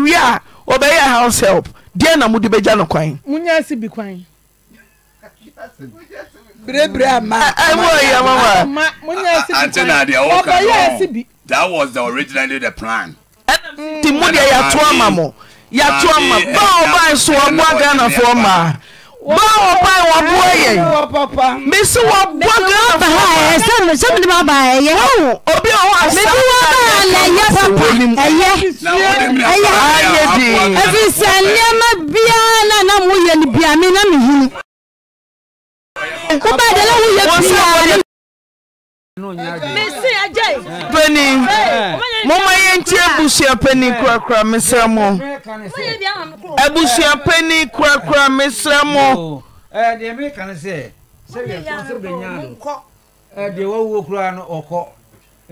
wi a house help deɛ na mode kwan Eh, eh, mo oa sooa anfo oyɛɛ ɛɛafir sɛ nneɔma biaa nanamooyɛ no biame na mehuno Ubadala ya biya. ya ajay. ya Mama ya ebusia ya kura ya mesra ya Ebusia ya kura ya mesra ya Eh ya me ya se. ya ye ya benya ya Eh ya wo ya kura ya okọ.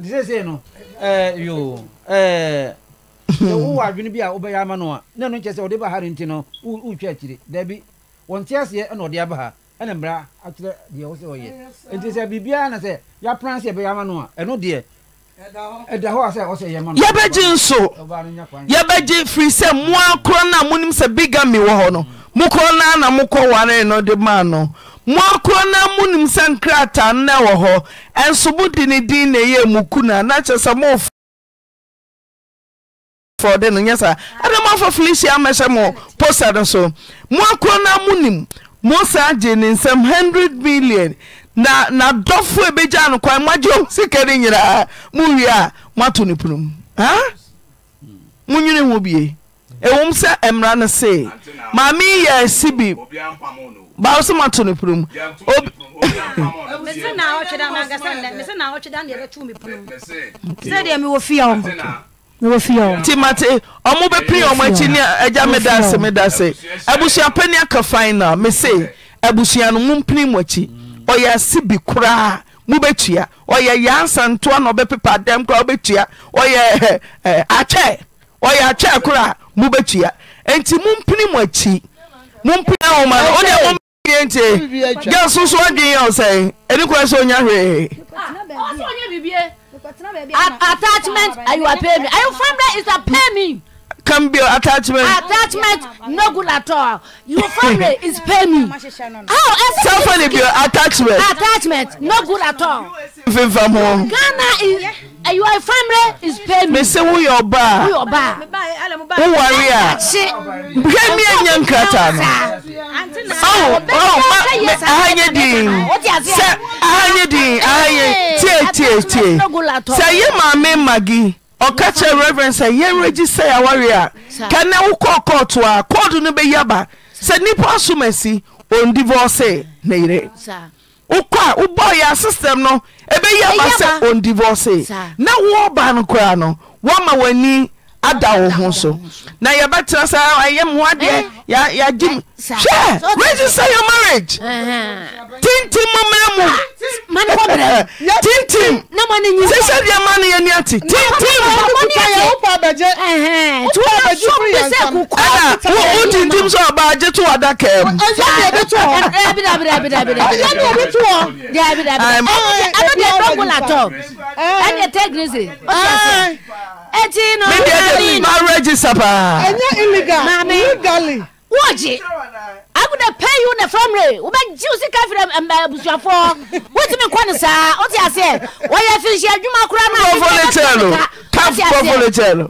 ya se ya no. ya yo. ya na ya adwene bi a ya ama ya a na ɛno ya sɛ ya ba ha renti ya wotwa ya daabi ya aseɛ ya ɔde ya ha ɛna mmara deɛ ɔsɛ ɔyɛ nti sɛ biribiara na sɛ yɛapran sɛ yɛbɛyɛ ama no a ɛno deɛ ɛda hɔ a sɛ ɔsɛ yɛma no yɛbɛgye nso yɛbɛgye firi sɛ mmoa korɔ no a monim sɛ bigami wɔ hɔ no no a na mokɔ ware no de maa no no a monim sɛ nkrataa nnɛ wɔ hɔ ɛnso mode ne din na ɛyɛ mu ku na kyerɛ sɛ mof fɔde no nyɛ saa adamafo felicia mo no so no mosa gye nesɛm 100 milli0n nadɔfo bɛgya anokwan moagye omu sikɛ ne nyiraa muwie a moato ne punum munwene ho bie wom sɛ mera no se maame yɛ se bi ba wo so mato ne pum nti mate ɔmobɛpne ɔmɔ akyi nea agya meda se medase abusua pɛni aka final mese abusuano mo mpne mu akyi ɔyɛ asebi koraa mobɛtua ɔyɛ yansantoa eh, eh, no ɔbɛpepadɛm kaos dwɛ attachment you ayiwa pay me you family is a pay me can be attachment. attachment no good at all your family is paying me how else tell family be attachment. attachment no good at all. fífa mu. ghana is uh, your family is paying me. mese wu yɛ ɔbaa wu yɛ ɔbaa wu wari a hwɛ mi enya nkrata no ɔwɔ ɔwɔ ma aha nye din sɛ aha nye din aha nye tie tie tie sɛ yi maame magi ɔka kyerɛ reverend sɛ yɛnregye sɛ aware a kane wo kɔɔ kɔɔto a kɔɔdo no bɛyi aba sɛ nnipa asom asi ɔndivorce ne yere wokɔ a wobɔɔ yɛ system no ɛbɛyi aba sɛ ɔndivorce na woɔba no koraa no woama w'ani ada wo ho so na yɛbɛtena saa ɛyɛ mo adeɛ yɛagye m hwɛ register your marriage tintim mamera mu tintim sɛ sɛ deɛ ma no yɛni ate tintimwotintim sɛ ɔbaagye to wadakaa mu medeɛ married. Marriage is apa. Ẹ̀yẹ́ illegal. Maami. Legally. Wọ́ọ̀jì. I gonna pay you in the family. Wọ́n bẹ jí osi ká fìdí abusuafọ́. Wọ́n ti mi kọ́ ni sáá. Ó ti àṣẹ. Wọ́n yẹ fi ṣe adwuma kura náà. Kọ́ fọlẹ̀ chẹ́ẹ̀lù. Ká kọ́ fọlẹ̀ chẹ́ẹ̀lù.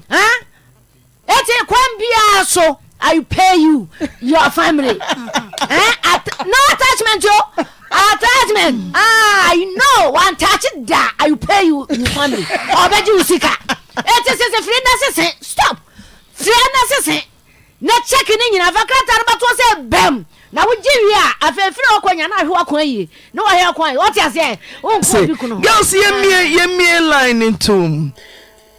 Eti kwan biara so. I pay you your family. eh? At, no attachment, yo. Attachment. ah, you know, one touch it, da. I pay you your family. Or bet you sika ɛti sese firi na sese stop firi na sese na check ne nyinaa fa krataa no bɛtɔ sɛ bɛm na wogye wie a afei firi wɔkɔ nya na ahwe wɔkɔ yie na wɔhɛ wɔkɔ yie wɔte aseɛ wɔnkɔ bi kuno. girls yɛmie yɛmie line ntom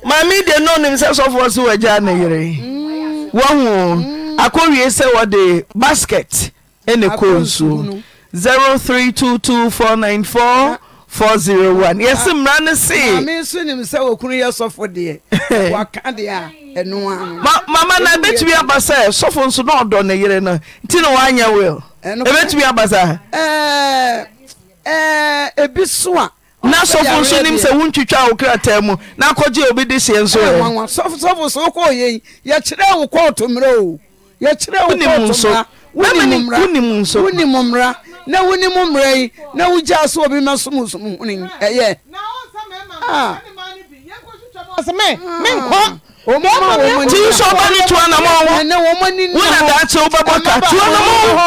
maame de na ɔnim sɛ sɔfoɔ so wɔagya ne yere mm. wɔho mm. akɔwie sɛ wɔde basket ɛne kɔ nsuo zero three two two four nine four four zero one yɛsi ah, mmara ne se. maame nso nim sɛ okunu yɛ sɔfo deɛ waka deɛ ɛnu ano. ma mama na ebetumi aba sɛ sɔfo nso na ɔdɔ ne yere no nti na wanyɛ will ebetumi aba sa. ɛɛ ebi so a. na sɔfo ni nim sɛ wontwitwa wo krataa mu na akɔgye obi de hyɛ nso ɛ sɔfo so wokɔ yɛi yɛkyerɛ wo kɔɔto mmerɛ o yɛkyerɛ wo kɔɔto mmra wonim mmra na wo ni mu mmerɛ yi na wo gya so obi ma sumusumu huni ɛyɛ. menkɔ tí sọ bá ní tuwa nàmọ wọn wọn nàdá tí ó bá bọ ká tuwa nàmọ wọn.